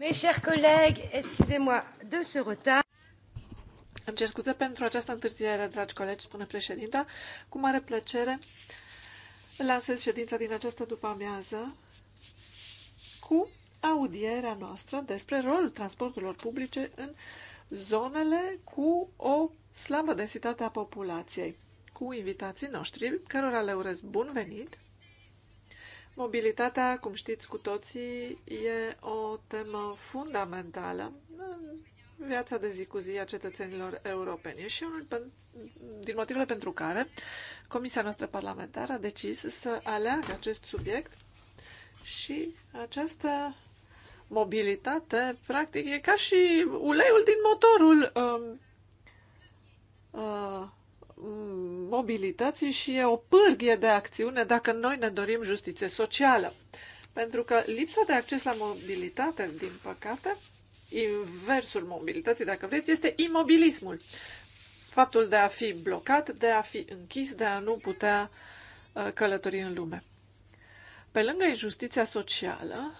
Mes chers collègues, excusez-moi de ce retard. Îmi cer scuze pentru această întârziere, dragi colegi, spune președinta. Cu mare plăcere lansez ședința din această după-amiază cu audierea noastră despre rolul transporturilor publice în zonele cu o slabă densitate a populației, cu invitații noștri, cărora le urez bun venit Mobilitatea, cum știți cu toții, e o temă fundamentală în viața de zi cu zi a cetățenilor europeni și unul din motivele pentru care Comisia noastră parlamentară a decis să aleagă acest subiect și această mobilitate, practic, e ca și uleiul din motorul um, uh, uh, mobilității și e o pârghie de acțiune dacă noi ne dorim justiție socială. Pentru că lipsa de acces la mobilitate, din păcate, inversul mobilității, dacă vreți, este imobilismul. Faptul de a fi blocat, de a fi închis, de a nu putea uh, călători în lume. Pe lângă injustiția socială,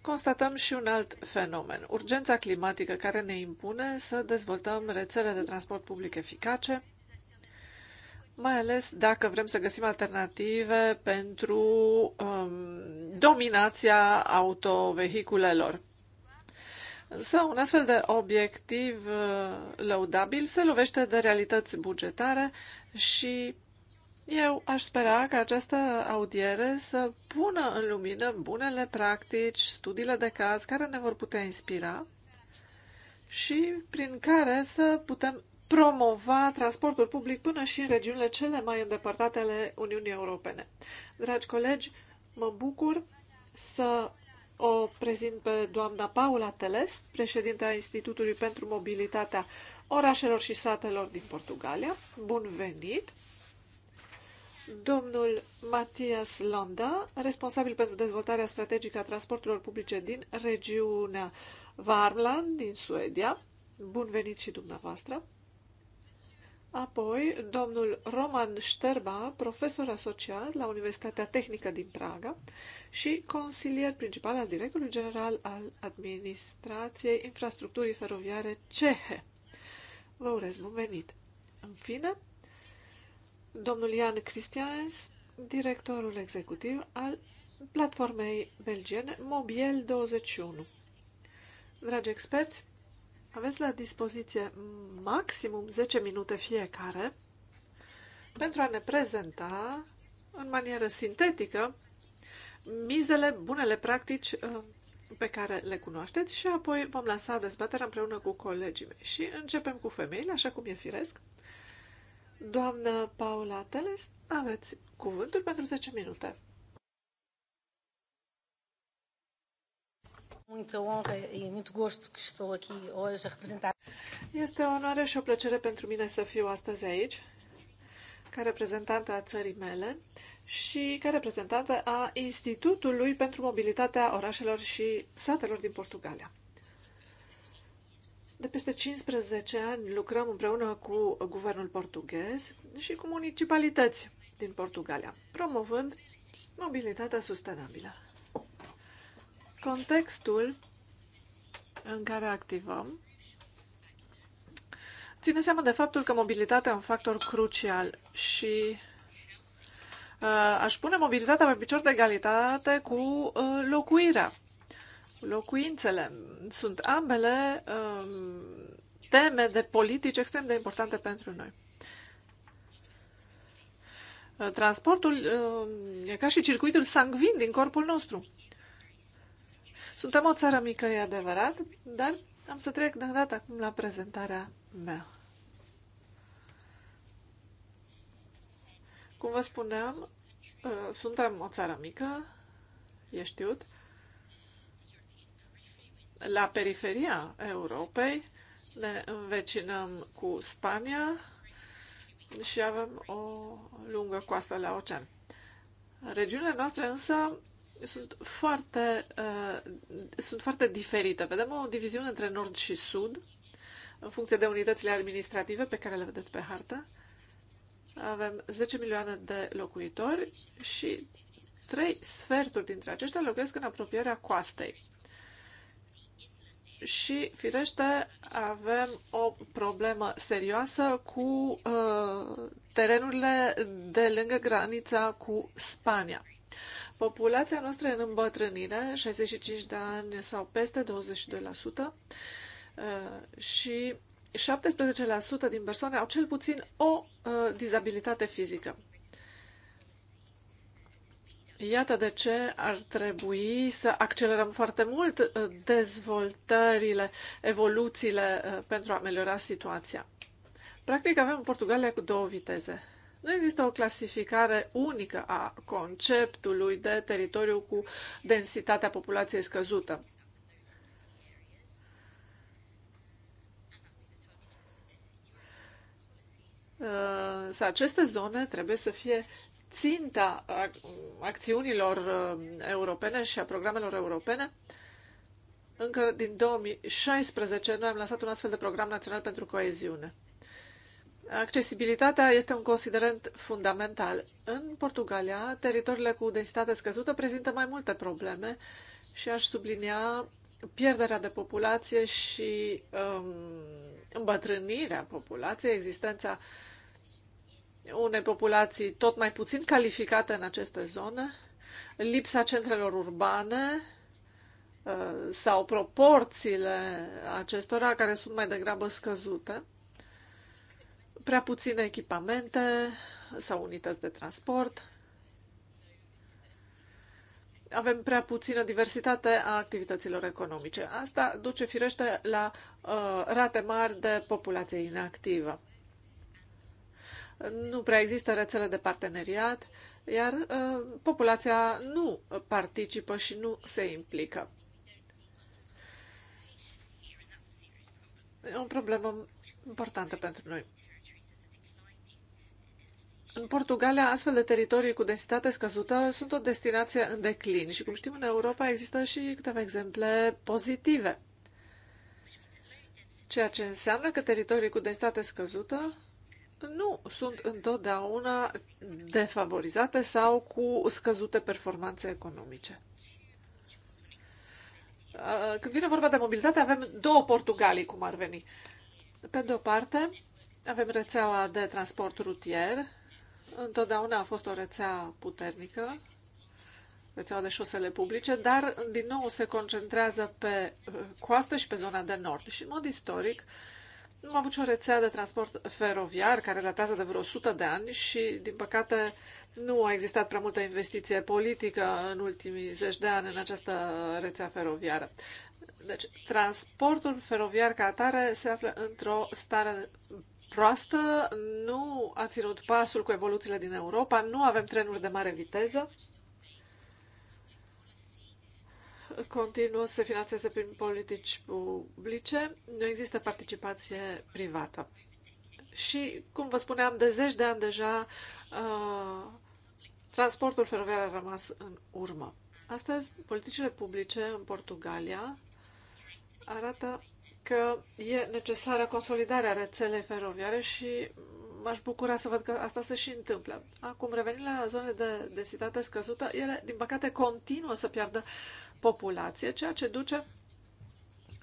constatăm și un alt fenomen, urgența climatică care ne impune să dezvoltăm rețele de transport public eficace, mai ales dacă vrem să găsim alternative pentru um, dominația autovehiculelor. Însă un astfel de obiectiv uh, lăudabil se lovește de realități bugetare și eu aș spera ca această audiere să pună în lumină bunele practici, studiile de caz care ne vor putea inspira și prin care să putem promova transportul public până și în regiunile cele mai îndepărtate ale Uniunii Europene. Dragi colegi, mă bucur să o prezint pe doamna Paula Teles, președintea Institutului pentru Mobilitatea Orașelor și Satelor din Portugalia. Bun venit! domnul Matias Londa, responsabil pentru dezvoltarea strategică a transporturilor publice din regiunea Varmland, din Suedia. Bun venit și dumneavoastră! Apoi, domnul Roman Șterba, profesor asociat la Universitatea Tehnică din Praga și consilier principal al directorului general al Administrației Infrastructurii Feroviare Cehe. Vă urez bun venit! În fine, domnul Ian Christians, directorul executiv al platformei belgiene Mobiel 21. Dragi experți, aveți la dispoziție maximum 10 minute fiecare pentru a ne prezenta în manieră sintetică mizele, bunele practici uh, pe care le cunoașteți și apoi vom lansa dezbaterea împreună cu colegii mei. Și începem cu femeile, așa cum e firesc. Doamnă Paula Teles, aveți cuvântul pentru 10 minute. Este o onoare și o plăcere pentru mine să fiu astăzi aici, ca reprezentantă a țării mele și ca reprezentantă a Institutului pentru Mobilitatea Orașelor și Satelor din Portugalia. De peste 15 ani lucrăm împreună cu guvernul portughez și cu municipalități din Portugalia, promovând mobilitatea sustenabilă. Contextul în care activăm ține seama de faptul că mobilitatea e un factor crucial și uh, aș pune mobilitatea pe picior de egalitate cu uh, locuirea locuințele. Sunt ambele um, teme de politici extrem de importante pentru noi. Uh, transportul um, e ca și circuitul sangvin din corpul nostru. Suntem o țară mică, e adevărat, dar am să trec de data acum la prezentarea mea. Cum vă spuneam, uh, suntem o țară mică, e știut, la periferia Europei, ne învecinăm cu Spania și avem o lungă coastă la ocean. Regiunile noastre însă sunt foarte, uh, sunt foarte diferite. Vedem o diviziune între nord și sud, în funcție de unitățile administrative pe care le vedeți pe hartă. Avem 10 milioane de locuitori și trei sferturi dintre aceștia locuiesc în apropierea coastei și, firește, avem o problemă serioasă cu uh, terenurile de lângă granița cu Spania. Populația noastră în îmbătrânire, 65 de ani sau peste 22%, uh, și 17% din persoane au cel puțin o uh, dizabilitate fizică. Iată de ce ar trebui să accelerăm foarte mult uh, dezvoltările, evoluțiile uh, pentru a ameliora situația. Practic avem Portugalia cu două viteze. Nu există o clasificare unică a conceptului de teritoriu cu densitatea populației scăzută. Uh, să aceste zone trebuie să fie ținta acțiunilor uh, europene și a programelor europene. Încă din 2016 noi am lansat un astfel de program național pentru coeziune. Accesibilitatea este un considerent fundamental. În Portugalia, teritoriile cu densitate scăzută prezintă mai multe probleme și aș sublinia pierderea de populație și um, îmbătrânirea populației, existența uh, unei populații tot mai puțin calificate în aceste zone, lipsa centrelor urbane uh, sau proporțiile acestora care sunt mai degrabă scăzute, prea puține echipamente sau unități de transport, avem prea puțină diversitate a activităților economice. Asta duce firește la uh, rate mari de populație inactivă nu prea există rețele de parteneriat, iar uh, populația nu participă și nu se implică. E o problemă importantă pentru noi. În Portugalia, astfel de teritorii cu densitate scăzută sunt o destinație în declin și, cum știm, în Europa există și câteva exemple pozitive. Ceea ce înseamnă că teritorii cu densitate scăzută nu sunt întotdeauna defavorizate sau cu scăzute performanțe economice. Uh, când vine vorba de mobilitate, avem două Portugalii, cum ar veni. Pe de o parte, avem rețeaua de transport rutier. Întotdeauna a fost o rețea puternică, rețeaua de șosele publice, dar din nou se concentrează pe uh, coastă și pe zona de nord. Și în mod istoric, uh, nu am avut și o rețea de transport feroviar care datează de vreo 100 de ani și, din păcate, nu a existat prea multă investiție politică în ultimii zeci de ani în această rețea feroviară. Deci, transportul feroviar ca atare se află într-o stare proastă, nu a ținut pasul cu evoluțiile din Europa, nu avem trenuri de mare viteză continuă să finanțeze prin politici publice, nu există participație privată. Și, cum vă spuneam, de zeci de ani deja uh, transportul feroviar a rămas în urmă. Astăzi, politicile publice în Portugalia arată că e necesară consolidarea rețelei feroviare și m-aș bucura să văd că asta se și întâmplă. Acum, revenind la zonele de densitate scăzută, ele, din păcate, continuă să piardă populație, ceea ce duce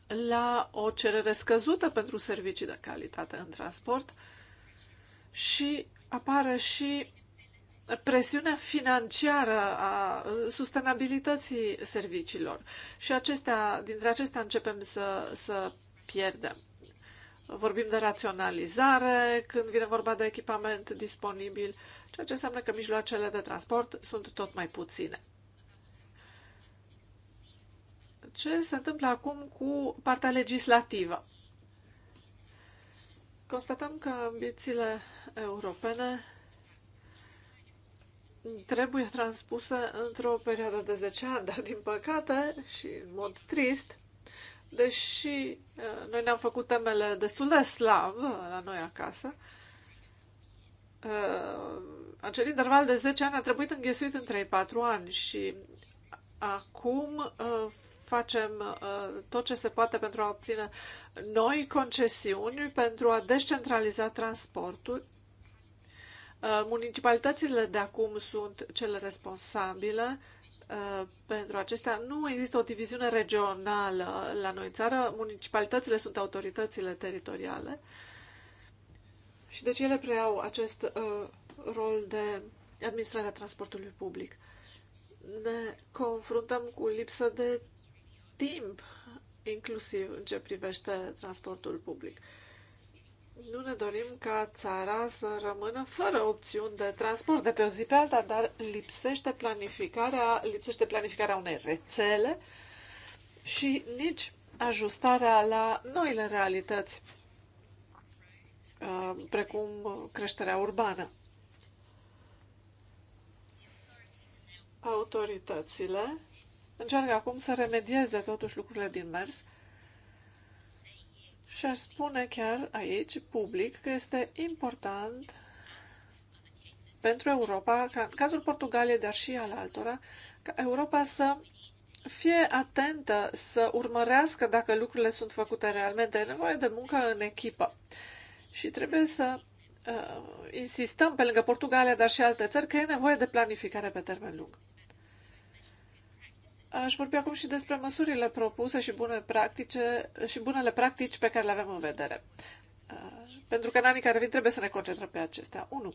la o cerere scăzută pentru servicii de calitate în transport și apare și presiunea financiară a sustenabilității serviciilor. Și acestea, dintre acestea începem să, să pierdem. Vorbim de raționalizare când vine vorba de echipament disponibil, ceea ce înseamnă că mijloacele de transport sunt tot mai puține ce se întâmplă acum cu partea legislativă. Constatăm că ambițiile europene trebuie transpuse într-o perioadă de 10 ani, dar din păcate și în mod trist, deși uh, noi ne-am făcut temele destul de slab uh, la noi acasă, uh, acel interval de 10 ani a trebuit înghesuit în 3-4 ani și acum facem uh, tot ce se poate pentru a obține noi concesiuni, pentru a descentraliza transportul. Uh, municipalitățile de acum sunt cele responsabile uh, pentru acestea. Nu există o diviziune regională la noi în țară. Municipalitățile sunt autoritățile teritoriale. Și deci ele preiau acest uh, rol de administrare a transportului public. Ne confruntăm cu lipsă de timp, inclusiv în ce privește transportul public. Nu ne dorim ca țara să rămână fără opțiuni de transport de pe o zi pe alta, dar lipsește planificarea, lipsește planificarea unei rețele și nici ajustarea la noile realități, uh, precum creșterea urbană. Autoritățile încearcă acum să remedieze totuși lucrurile din mers și aș spune chiar aici, public, că este important pentru Europa, ca în cazul Portugaliei, dar și al altora, ca Europa să fie atentă, să urmărească dacă lucrurile sunt făcute realmente. E nevoie de muncă în echipă. Și trebuie să uh, insistăm, pe lângă Portugalia, dar și alte țări, că e nevoie de planificare pe termen lung. Aș vorbi acum și despre măsurile propuse și, bune practice, și bunele practici pe care le avem în vedere. Uh, pentru că în anii care vin trebuie să ne concentrăm pe acestea. 1.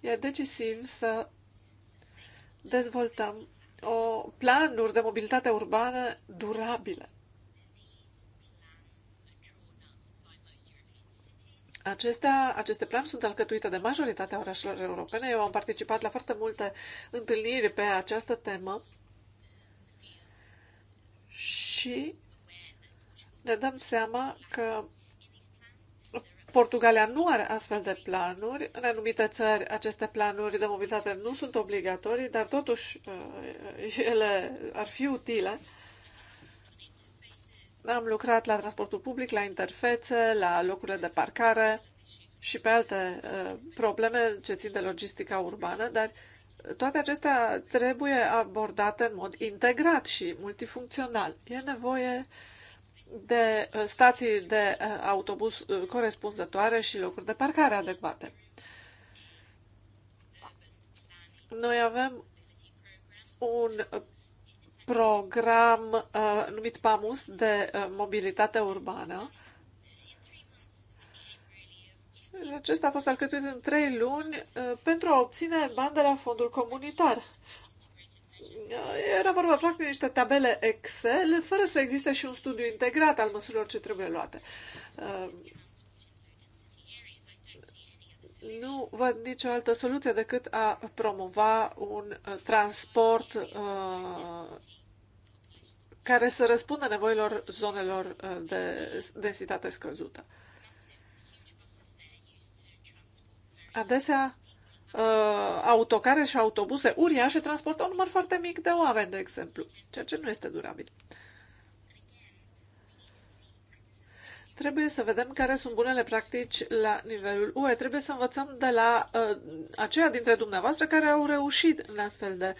E decisiv să dezvoltăm o planuri de mobilitate urbană durabile. Acestea, aceste planuri sunt alcătuite de majoritatea orașelor europene. Eu am participat la foarte multe întâlniri pe această temă și ne dăm seama că Portugalia nu are astfel de planuri. În anumite țări aceste planuri de mobilitate nu sunt obligatorii, dar totuși uh, ele ar fi utile. Am lucrat la transportul public, la interfețe, la locurile de parcare și pe alte uh, probleme ce țin de logistica urbană, dar toate acestea trebuie abordate în mod integrat și multifuncțional. E nevoie de uh, stații de uh, autobuz uh, corespunzătoare și locuri de parcare adecvate. Noi avem un program uh, numit PAMUS de uh, mobilitate urbană acesta a fost alcătuit în trei luni uh, pentru a obține bani de la fondul comunitar. Uh, era vorba practic de niște tabele Excel, fără să existe și un studiu integrat al măsurilor ce trebuie luate. Uh, nu văd nicio altă soluție decât a promova un transport care să răspundă nevoilor zonelor de densitate scăzută. Adesea, uh, autocare și autobuze uriașe transportă un număr foarte mic de oameni, de exemplu, ceea ce nu este durabil. Trebuie să vedem care sunt bunele practici la nivelul UE. Trebuie să învățăm de la uh, aceia dintre dumneavoastră care au reușit în astfel de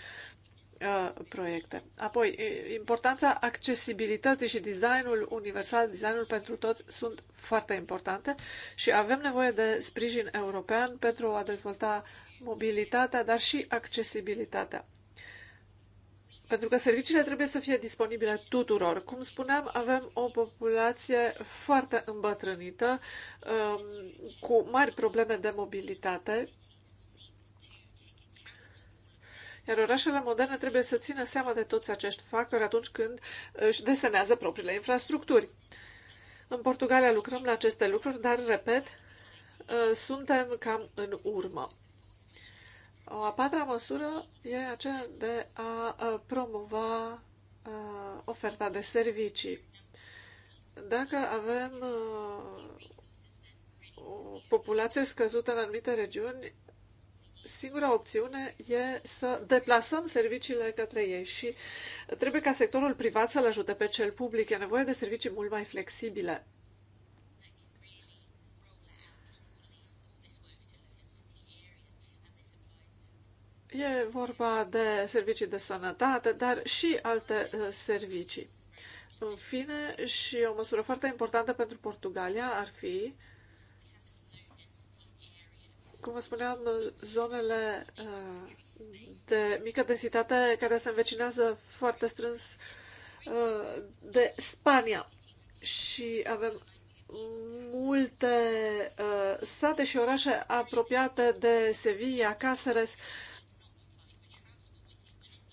Uh, proiecte. Apoi, importanța accesibilității și designul universal, designul pentru toți sunt foarte importante și avem nevoie de sprijin european pentru a dezvolta mobilitatea, dar și accesibilitatea. Pentru că serviciile trebuie să fie disponibile tuturor. Cum spuneam, avem o populație foarte îmbătrânită, um, cu mari probleme de mobilitate, iar orașele moderne trebuie să țină seama de toți acești factori atunci când își desenează propriile infrastructuri. În Portugalia lucrăm la aceste lucruri, dar, repet, ă, suntem cam în urmă. O a patra măsură e aceea de a ă, promova ă, oferta de servicii. Dacă avem o populație scăzută în anumite regiuni, singura opțiune e să deplasăm serviciile către ei și trebuie ca sectorul privat să-l ajute pe cel public. E nevoie de servicii mult mai flexibile. E vorba de servicii de sănătate, dar și alte uh, servicii. În fine, și o măsură foarte importantă pentru Portugalia ar fi cum vă spuneam, zonele uh, de mică densitate care se învecinează foarte strâns uh, de Spania și avem multe uh, sate și orașe apropiate de Sevilla, Cáceres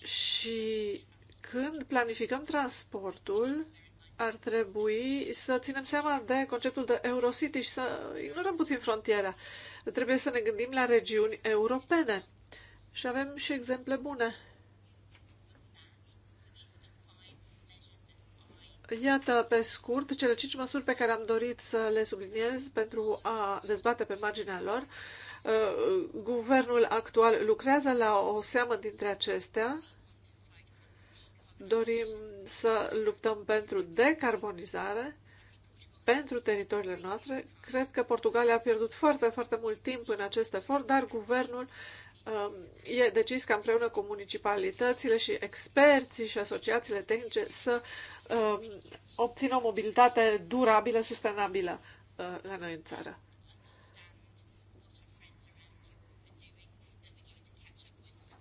și când planificăm transportul, ar trebui să ținem seama de conceptul de Eurocity și să ignorăm puțin frontiera. Trebuie să ne gândim la regiuni europene. Și avem și exemple bune. Iată, pe scurt, cele cinci măsuri pe care am dorit să le subliniez pentru a dezbate pe marginea lor. Uh, guvernul actual lucrează la o seamă dintre acestea Dorim să luptăm pentru decarbonizare, pentru teritoriile noastre. Cred că Portugalia a pierdut foarte, foarte mult timp în acest efort, dar guvernul um, e decis ca împreună cu municipalitățile și experții și asociațiile tehnice să um, obțină o mobilitate durabilă, sustenabilă uh, la noi în țară.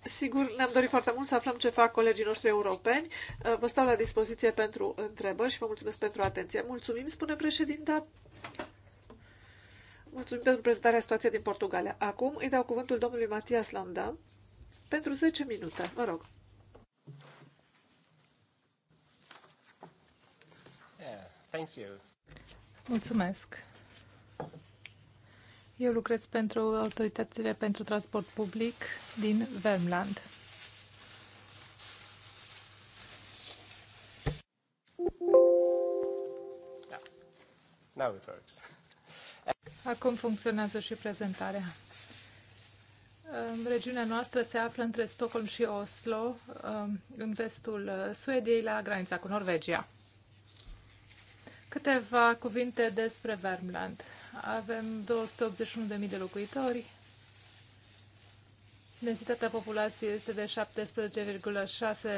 Sigur, ne-am dorit foarte mult să aflăm ce fac colegii noștri europeni. Uh, vă stau la dispoziție pentru întrebări și vă mulțumesc pentru atenție. Mulțumim, spune președinta. Mulțumim pentru prezentarea situației din Portugalia. Acum îi dau cuvântul domnului Matias Landa pentru 10 minute. Mă rog. Yeah, thank you. Mulțumesc. Eu lucrez pentru autoritățile pentru transport public din Vermland. Da. Now it works. Acum funcționează și prezentarea. Regiunea noastră se află între Stockholm și Oslo, um, în vestul Suediei, la granița cu Norvegia. Câteva cuvinte despre Värmland avem 281.000 de locuitori. Densitatea populației este de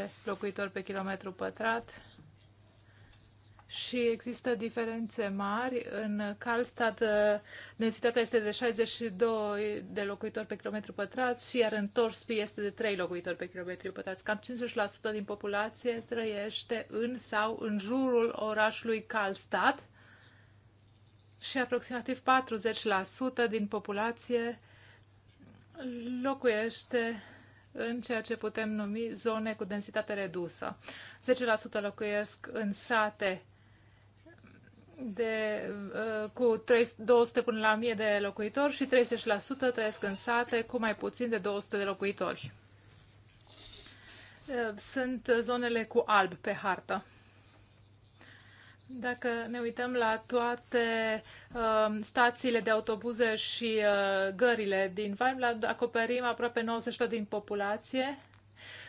17,6 locuitori pe kilometru pătrat și există diferențe mari. În Calstad uh, densitatea este de 62 de locuitori pe kilometru pătrat și iar în Torspi este de 3 locuitori pe kilometru pătrat. Cam 50% din populație trăiește în sau în jurul orașului Calstad și aproximativ 40% din populație locuiește în ceea ce putem numi zone cu densitate redusă. 10% locuiesc în sate de, uh, cu 200 până la 1000 de locuitori și 30% trăiesc în sate cu mai puțin de 200 de locuitori. Uh, sunt zonele cu alb pe hartă. Dacă ne uităm la toate uh, stațiile de autobuze și uh, gările din Vineland, acoperim aproape 90% din populație.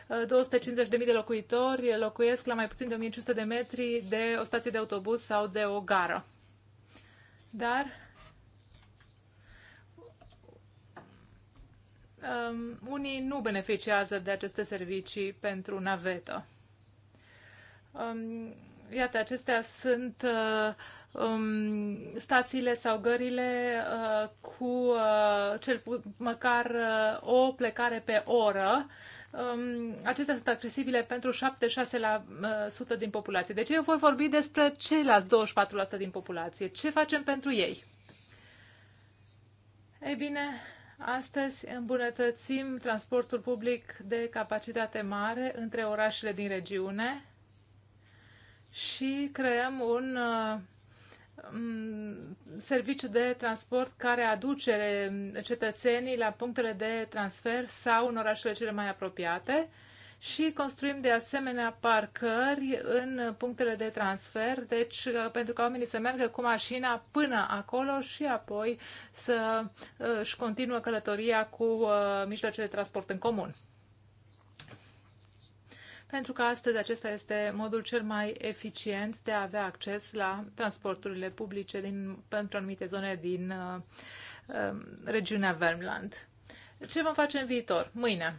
Uh, 250.000 de locuitori locuiesc la mai puțin de 1500 de metri de o stație de autobuz sau de o gară. Dar um, unii nu beneficiază de aceste servicii pentru navetă. Um, Iată, acestea sunt uh, um, stațiile sau gările uh, cu uh, cel măcar uh, o plecare pe oră. Um, acestea sunt accesibile pentru 76% uh, din populație. Deci eu voi vorbi despre ceilalți 24% din populație. Ce facem pentru ei? Ei bine, Astăzi îmbunătățim transportul public de capacitate mare între orașele din regiune, și creăm uh, un serviciu de transport care aduce cetățenii la punctele de transfer sau în orașele cele mai apropiate și construim de asemenea parcări în punctele de transfer, deci uh, pentru ca oamenii să meargă cu mașina până acolo și apoi să uh, își continuă călătoria cu mijloace de transport în comun pentru că astăzi acesta este modul cel mai eficient de a avea acces la transporturile publice din, pentru anumite zone din uh, um, regiunea Vermland. Ce vom face în viitor? Mâine.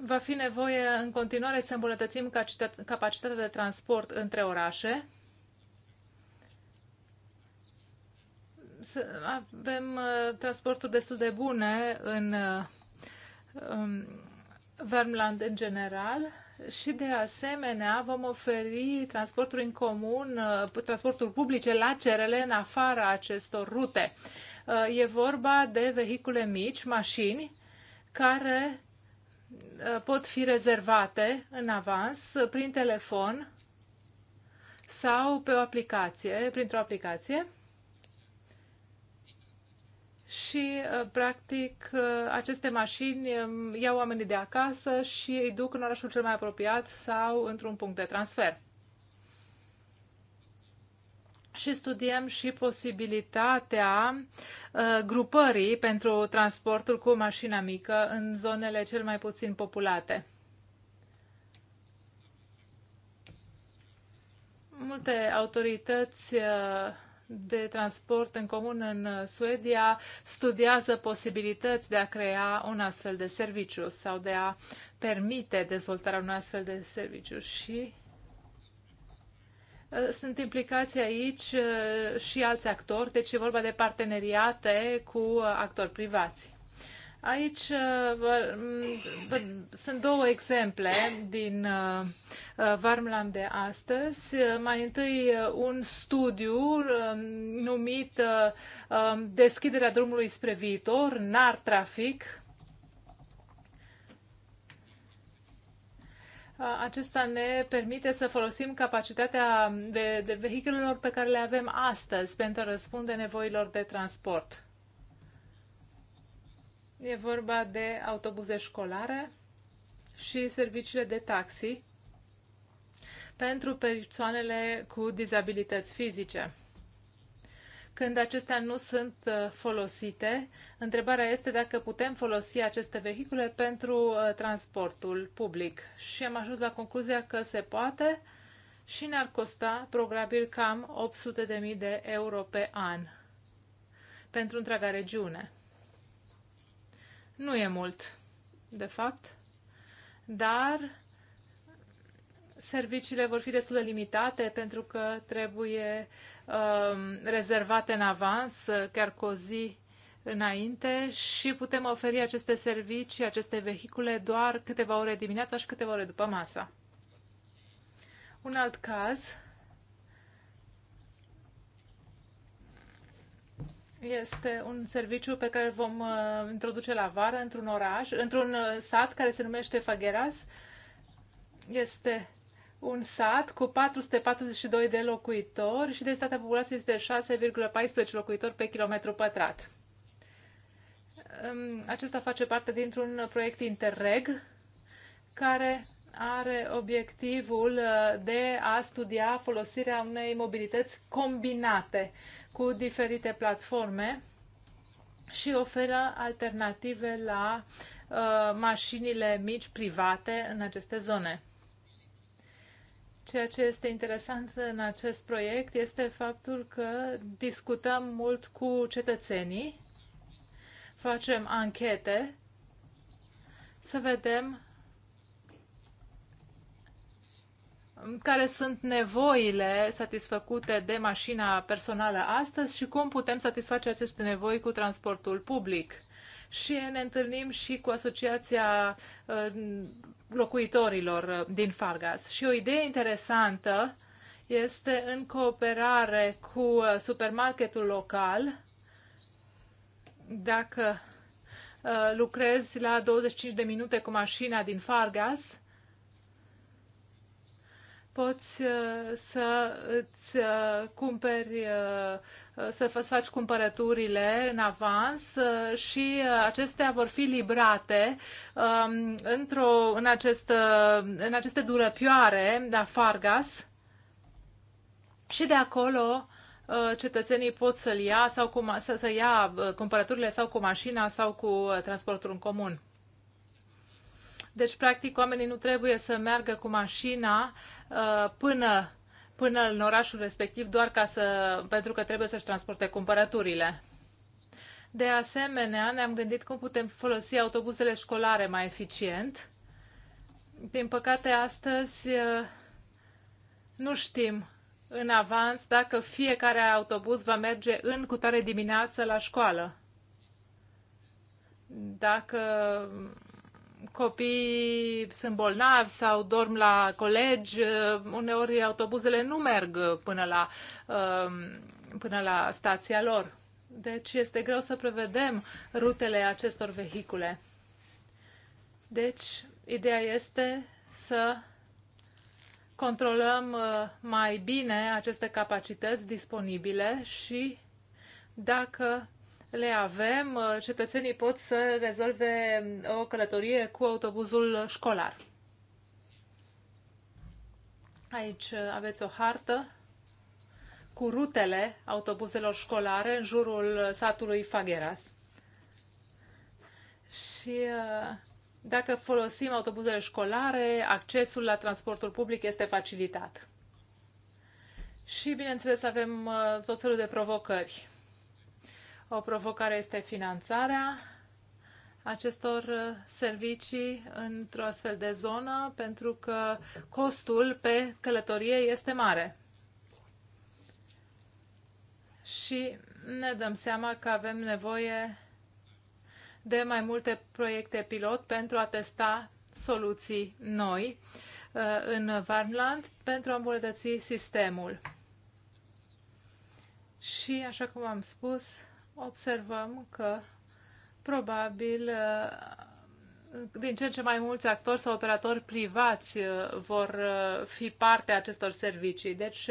Va fi nevoie în continuare să îmbunătățim capacitatea de transport între orașe. Avem uh, transporturi destul de bune în uh, um, Vermland în general și de asemenea vom oferi transportul în comun, uh, transportul publice la cerele în afara acestor rute. Uh, e vorba de vehicule mici, mașini, care uh, pot fi rezervate în avans prin telefon sau pe o aplicație, printr-o aplicație și, uh, practic, uh, aceste mașini um, iau oamenii de acasă și îi duc în orașul cel mai apropiat sau într-un punct de transfer. Și studiem și posibilitatea uh, grupării pentru transportul cu mașina mică în zonele cel mai puțin populate. Multe autorități de transport în comun în uh, Suedia studiază posibilități de a crea un astfel de serviciu sau de a permite dezvoltarea unui astfel de serviciu și uh, sunt implicați aici uh, și alți actori, deci e vorba de parteneriate cu actori privați. Aici uh, mm, sunt două exemple din uh, uh, Varmlam de astăzi. Mai întâi un studiu um, numit um, Deschiderea drumului spre viitor, NAR Trafic. Acesta ne permite să folosim capacitatea de, de vehiculelor pe care le avem astăzi pentru a răspunde nevoilor de transport. E vorba de autobuze școlare și serviciile de taxi pentru persoanele cu dizabilități fizice. Când acestea nu sunt uh, folosite, întrebarea este dacă putem folosi aceste vehicule pentru uh, transportul public. Și am ajuns la concluzia că se poate și ne-ar costa probabil cam 800.000 de euro pe an pentru întreaga regiune. Nu e mult, de fapt, dar serviciile vor fi destul de limitate pentru că trebuie um, rezervate în avans, chiar cu o zi înainte și putem oferi aceste servicii, aceste vehicule doar câteva ore dimineața și câteva ore după masa. Un alt caz Este un serviciu pe care vom uh, introduce la vară într-un oraș, într-un uh, sat care se numește Fagheras. Este un sat cu 442 de locuitori și densitatea populației este de 6,14 locuitori pe kilometru pătrat. Um, acesta face parte dintr-un proiect Interreg care are obiectivul uh, de a studia folosirea unei mobilități combinate cu diferite platforme și oferă alternative la uh, mașinile mici private în aceste zone. Ceea ce este interesant în acest proiect este faptul că discutăm mult cu cetățenii, facem anchete să vedem care sunt nevoile satisfăcute de mașina personală astăzi și cum putem satisface aceste nevoi cu transportul public. Și ne întâlnim și cu Asociația uh, locuitorilor uh, din Fargas. Și o idee interesantă este în cooperare cu uh, supermarketul local, dacă lucrezi la 25 de minute cu mașina din Fargas, poți uh, să îți uh, cumperi, uh, să faci cumpărăturile în avans și acestea vor fi librate um, într-o, în, acest, în aceste durăpioare, la Fargas, și de acolo cetățenii pot să-l ia sau cu, să, să ia cumpărăturile sau cu mașina sau cu transportul în comun. Deci, practic, oamenii nu trebuie să meargă cu mașina Uh, până, până în orașul respectiv doar ca să, pentru că trebuie să-și transporte cumpărăturile. De asemenea, ne-am gândit cum putem folosi autobuzele școlare mai eficient. Din păcate, astăzi uh, nu știm în avans dacă fiecare autobuz va merge în cutare dimineață la școală. Dacă copiii sunt bolnavi sau dorm la colegi, uh, uneori autobuzele nu merg până la, um, până la stația lor. Deci este greu să prevedem rutele acestor vehicule. Deci, ideea este să controlăm uh, mai bine aceste capacități disponibile și dacă le avem, uh, cetățenii pot să rezolve um, o călătorie cu autobuzul școlar. Aici uh, aveți o hartă cu rutele autobuzelor școlare în jurul satului Fageras. Și uh, dacă folosim autobuzele școlare, accesul la transportul public este facilitat. Și, bineînțeles, avem tot felul de provocări o provocare este finanțarea acestor uh, servicii într-o astfel de zonă, pentru că costul pe călătorie este mare. Și ne dăm seama că avem nevoie de mai multe proiecte pilot pentru a testa soluții noi uh, în Varmland pentru a îmbunătăți sistemul. Și, așa cum am spus, observăm că probabil uh, din ce în ce mai mulți actori sau operatori privați uh, vor uh, fi parte a acestor servicii. Deci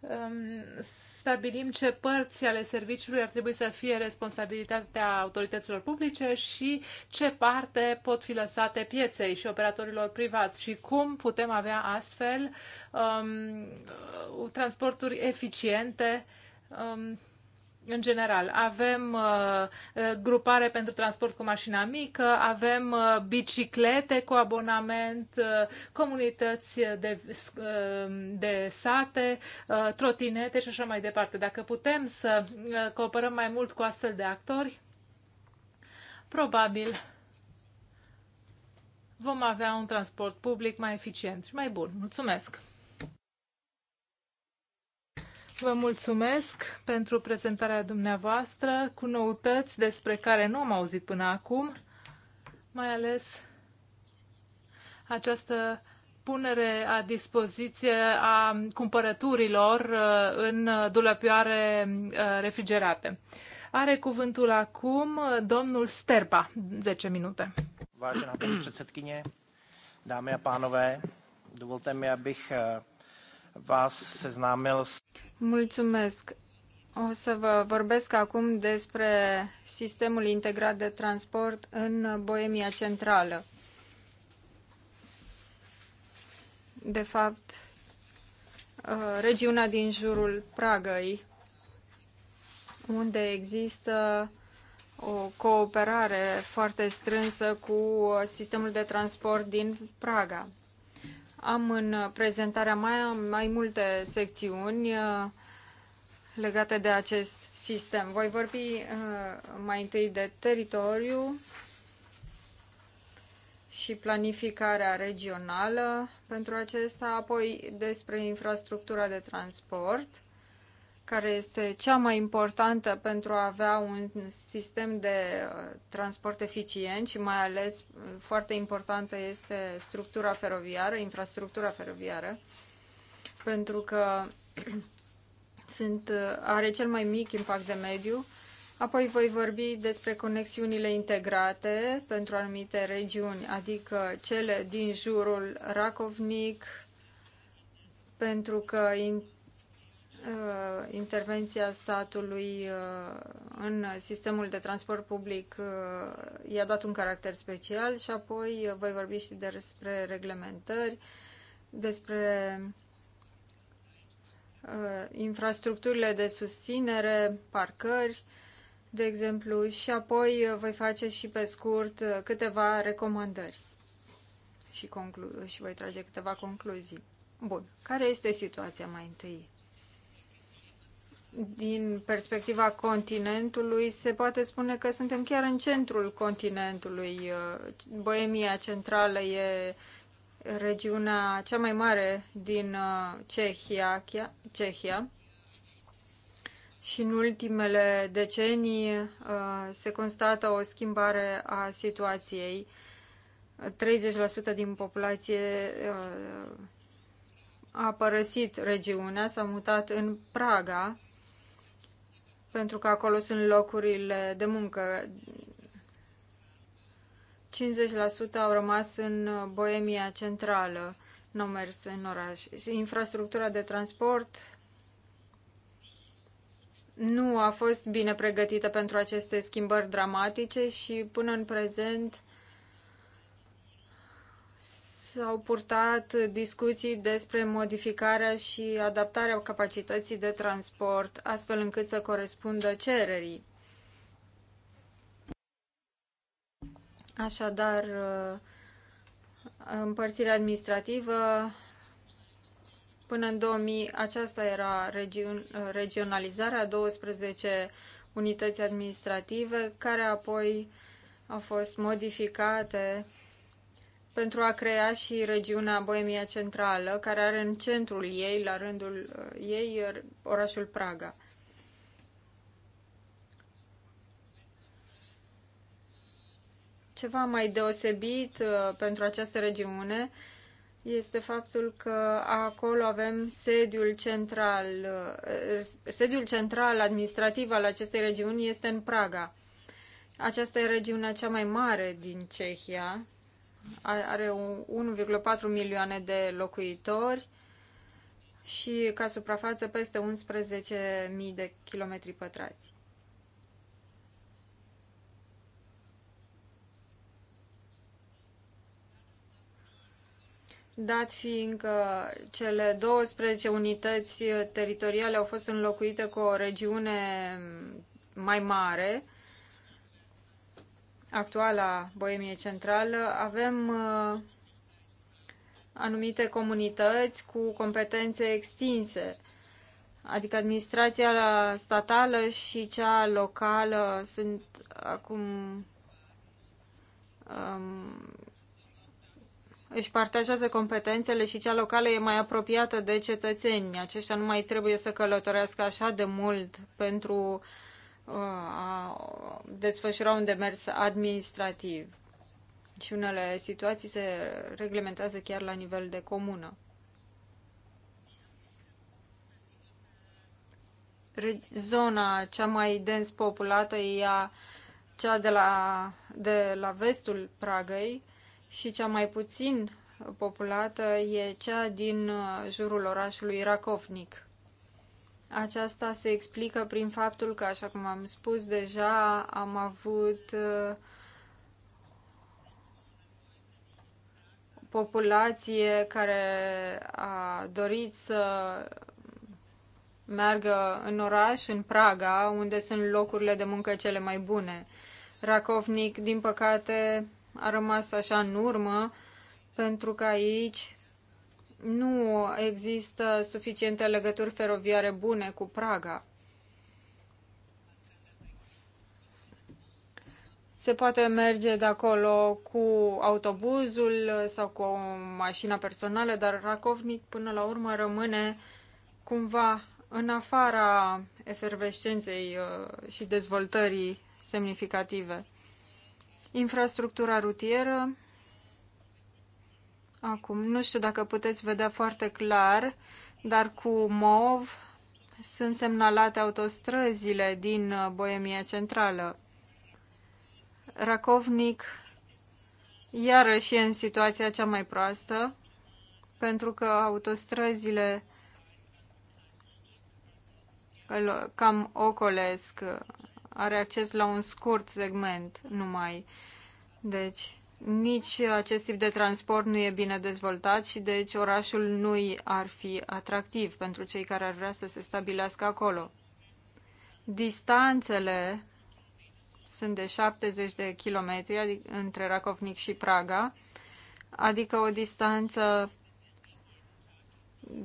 um, stabilim ce părți ale serviciului ar trebui să fie responsabilitatea autorităților publice și ce parte pot fi lăsate pieței și operatorilor privați și cum putem avea astfel um, transporturi eficiente um, în general. Avem uh, uh, grupare pentru transport cu mașina mică, avem uh, biciclete cu abonament, uh, comunități de, uh, de sate, uh, trotinete și așa mai departe. Dacă putem să uh, cooperăm mai mult cu astfel de actori, probabil vom avea un transport public mai eficient și mai bun. Mulțumesc! Vă mulțumesc pentru prezentarea dumneavoastră cu noutăți despre care nu am auzit până acum, mai ales această punere a dispoziție a cumpărăturilor uh, în dulăpioare uh, refrigerate. Are cuvântul acum uh, domnul Sterpa, 10 minute. Vážená paní předsedkyně, dámy a pánové, dovolte mi, abych vás seznámil s... Mulțumesc! O să vă vorbesc acum despre sistemul integrat de transport în Boemia Centrală. De fapt, ă, regiunea din jurul Pragăi, unde există o cooperare foarte strânsă cu sistemul de transport din Praga. Am în prezentarea mea mai multe secțiuni uh, legate de acest sistem. Voi vorbi uh, mai întâi de teritoriu și planificarea regională pentru acesta, apoi despre infrastructura de transport – care este cea mai importantă pentru a avea un sistem de uh, transport eficient și mai ales uh, foarte importantă este structura feroviară, infrastructura feroviară, pentru că sunt, uh, are cel mai mic impact de mediu. Apoi voi vorbi despre conexiunile integrate pentru anumite regiuni, adică cele din jurul Racovnic, pentru că Uh, intervenția statului uh, în sistemul de transport public uh, i-a dat un caracter special și apoi voi vorbi și despre reglementări, despre infrastructurile de susținere, parcări, de exemplu, și apoi voi face și pe scurt câteva recomandări și, conclu- și voi trage câteva concluzii. Bun, care este situația mai întâi? din perspectiva continentului, se poate spune că suntem chiar în centrul continentului. Uh, Boemia Centrală e regiunea cea mai mare din uh, Cehia, Cehia. Și în ultimele decenii uh, se constată o schimbare a situației. 30% din populație a părăsit regiunea, s-a mutat în Praga, pentru că acolo sunt locurile de muncă. 50% au rămas în Boemia Centrală, nu au mers în oraș. Și infrastructura de transport nu a fost bine pregătită pentru aceste schimbări dramatice și până în prezent s-au purtat discuții despre modificarea și adaptarea capacității de transport, astfel încât să corespundă cererii. Așadar, împărțirea administrativă Până în 2000, aceasta era regiun, regionalizarea, 12 unități administrative, care apoi au fost modificate pentru a crea și regiunea Boemia Centrală, care are în centrul ei, la rândul uh, ei, orașul Praga. Ceva mai deosebit uh, pentru această regiune este faptul că acolo avem sediul central, uh, sediul central administrativ al acestei regiuni este în Praga. Aceasta e regiunea cea mai mare din Cehia, are 1,4 milioane de locuitori și ca suprafață peste 11.000 de kilometri pătrați. dat fiind că cele 12 unități teritoriale au fost înlocuite cu o regiune mai mare, actuala Boemie Centrală, avem uh, anumite comunități cu competențe extinse, adică administrația statală și cea locală sunt acum um, își partajează competențele și cea locală e mai apropiată de cetățeni. Aceștia nu mai trebuie să călătorească așa de mult pentru uh, a desfășura un demers administrativ. Și unele situații se reglementează chiar la nivel de comună. Zona cea mai dens populată e a cea de la, de la vestul Pragăi și cea mai puțin populată e cea din uh, jurul orașului Racovnic. Aceasta se explică prin faptul că, așa cum am spus deja, am avut uh, populație care a dorit să meargă în oraș, în Praga, unde sunt locurile de muncă cele mai bune. Racovnic, din păcate, a rămas așa în urmă, pentru că aici nu există suficiente legături feroviare bune cu Praga. Se poate merge de acolo cu autobuzul sau cu o mașină personală, dar Racovnic până la urmă rămâne cumva în afara efervescenței uh, și dezvoltării semnificative. Infrastructura rutieră acum. Nu știu dacă puteți vedea foarte clar, dar cu MOV sunt semnalate autostrăzile din uh, Boemia Centrală. Racovnic iarăși e în situația cea mai proastă, pentru că autostrăzile îl cam ocolesc, uh, are acces la un scurt segment numai. Deci, nici acest tip de transport nu e bine dezvoltat și deci orașul nu ar fi atractiv pentru cei care ar vrea să se stabilească acolo. Distanțele sunt de 70 de kilometri adică, între Racovnic și Praga, adică o distanță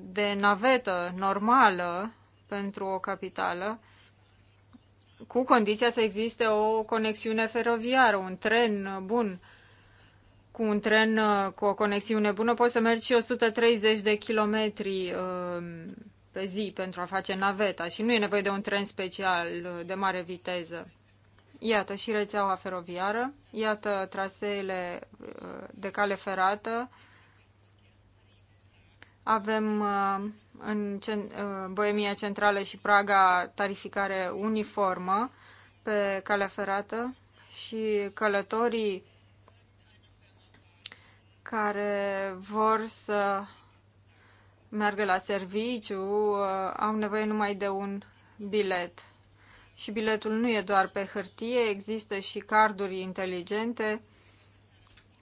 de navetă normală pentru o capitală, cu condiția să existe o conexiune feroviară, un tren bun cu un tren uh, cu o conexiune bună poți să mergi și 130 de kilometri uh, pe zi pentru a face naveta și nu e nevoie de un tren special uh, de mare viteză. Iată și rețeaua feroviară, iată traseele de cale ferată. Avem în Boemia Centrală și Praga tarificare uniformă pe calea ferată și călătorii care vor să meargă la serviciu uh, au nevoie numai de un bilet. Și biletul nu e doar pe hârtie, există și carduri inteligente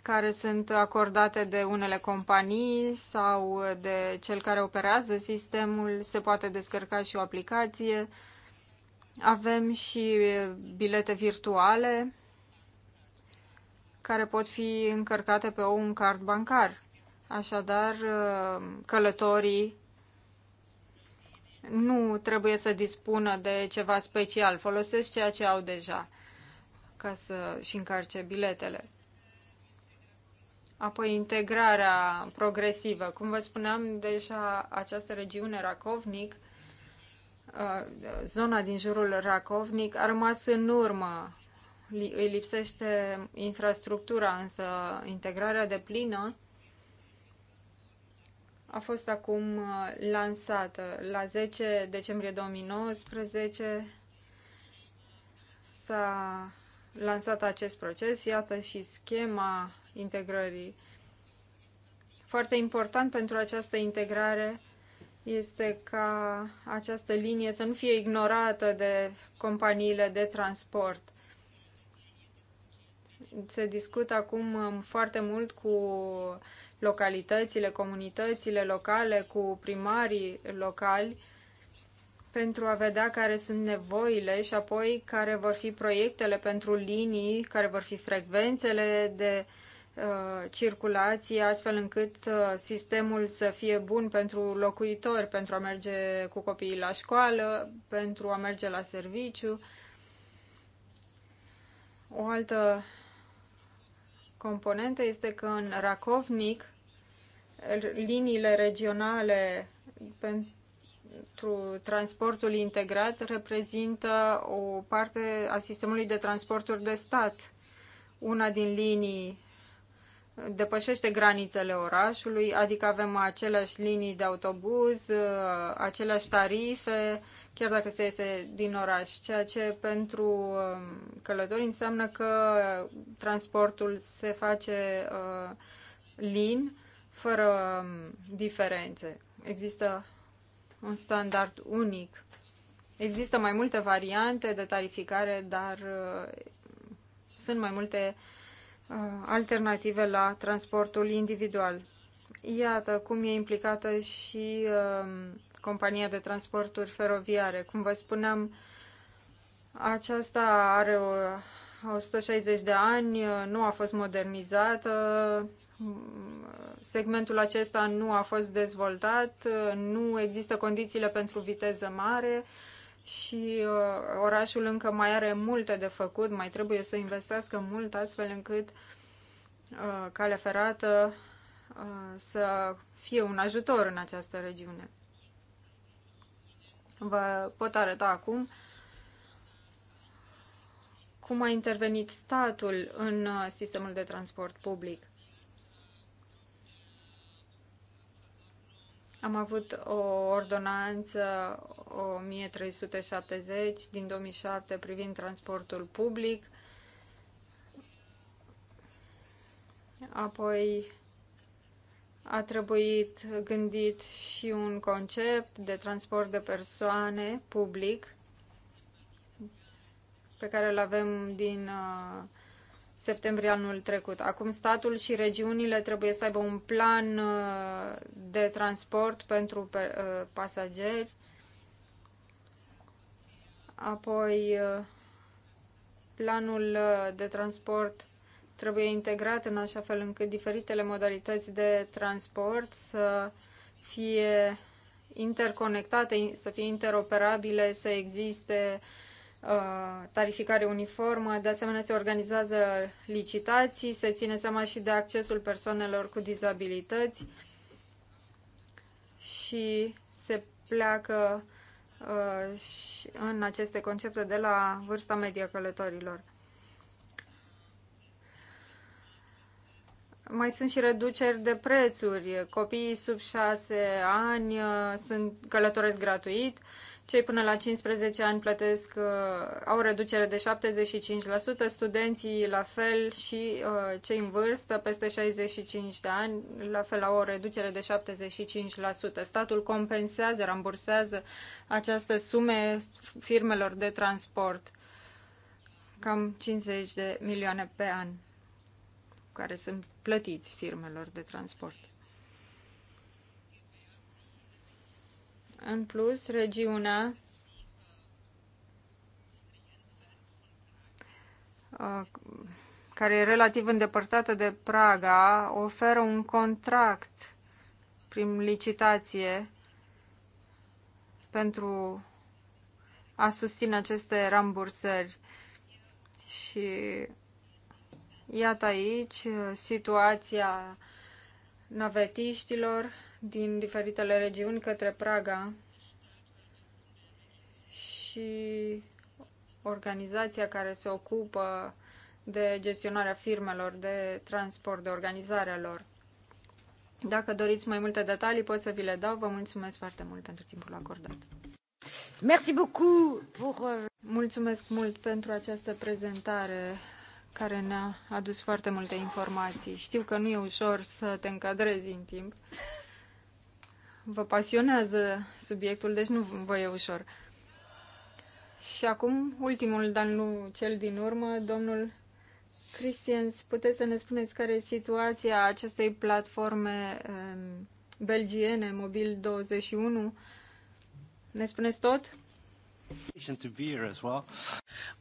care sunt acordate de unele companii sau de cel care operează sistemul. Se poate descărca și o aplicație. Avem și uh, bilete virtuale care pot fi încărcate pe un card bancar. Așadar, călătorii nu trebuie să dispună de ceva special. Folosesc ceea ce au deja ca să și încarce biletele. Apoi integrarea progresivă. Cum vă spuneam, deja această regiune Racovnic, uh, zona din jurul Racovnic, a rămas în urmă îi lipsește infrastructura, însă integrarea de plină a fost acum uh, lansată. La 10 decembrie 2019 s-a lansat acest proces. Iată și schema integrării. Foarte important pentru această integrare este ca această linie să nu fie ignorată de companiile de transport se discută acum um, foarte mult cu localitățile, comunitățile locale, cu primarii locali, pentru a vedea care sunt nevoile și apoi care vor fi proiectele pentru linii, care vor fi frecvențele de uh, circulație, astfel încât uh, sistemul să fie bun pentru locuitori, pentru a merge cu copiii la școală, pentru a merge la serviciu. O altă componentă este că în Racovnic liniile regionale pentru transportul integrat reprezintă o parte a sistemului de transporturi de stat. Una din linii depășește granițele orașului, adică avem aceleași linii de autobuz, uh, aceleași tarife, chiar dacă se iese din oraș, ceea ce pentru um, călători înseamnă că transportul se face uh, lin, fără um, diferențe. Există un standard unic. Există mai multe variante de tarificare, dar uh, sunt mai multe uh, Uh, alternative la transportul individual. Iată cum e implicată și uh, compania de transporturi feroviare. Cum vă spuneam, aceasta are o 160 de ani, uh, nu a fost modernizată, segmentul acesta nu a fost dezvoltat, nu există condițiile pentru viteză mare, și uh, orașul încă mai are multe de făcut, mai trebuie să investească mult astfel încât uh, calea ferată uh, să fie un ajutor în această regiune. Vă pot arăta acum cum a intervenit statul în sistemul de transport public. Am avut o ordonanță 1370 din 2007 privind transportul public. Apoi a trebuit gândit și un concept de transport de persoane public pe care îl avem din uh, septembrie anul trecut. Acum statul și regiunile trebuie să aibă un plan uh, de transport pentru uh, pasageri. Apoi uh, planul de transport trebuie integrat în așa fel încât diferitele modalități de transport să fie interconectate, să fie interoperabile, să existe uh, Uh, tarificare uniformă, de asemenea se organizează licitații, se ține seama și de accesul persoanelor cu dizabilități și se pleacă uh, în aceste concepte de la vârsta media călătorilor. Mai sunt și reduceri de prețuri. Copiii sub 6 ani uh, sunt, călătoresc gratuit, cei până la 15 ani plătesc, uh, au o reducere de 75%, studenții la fel și uh, cei în vârstă peste 65 de ani la fel au o reducere de 75%. Statul compensează, rambursează aceste sume firmelor de transport, cam 50 de milioane pe an care sunt plătiți firmelor de transport. În plus, regiunea uh, care e relativ îndepărtată de Praga, oferă un contract prin licitație pentru a susține aceste rambursări. Și iată aici uh, situația navetiștilor din diferitele regiuni către Praga și organizația care se ocupă de gestionarea firmelor, de transport, de organizarea lor. Dacă doriți mai multe detalii, pot să vi le dau. Vă mulțumesc foarte mult pentru timpul acordat. Merci beaucoup pour... Euh, mulțumesc mult pentru această prezentare care ne-a adus foarte multe informații. Știu că nu e ușor să te încadrezi în timp vă pasionează subiectul, deci nu vă e ușor. Și acum, ultimul, dar nu cel din urmă, domnul Christians, puteți să ne spuneți care e situația acestei platforme um, belgiene, Mobil 21? Ne spuneți tot?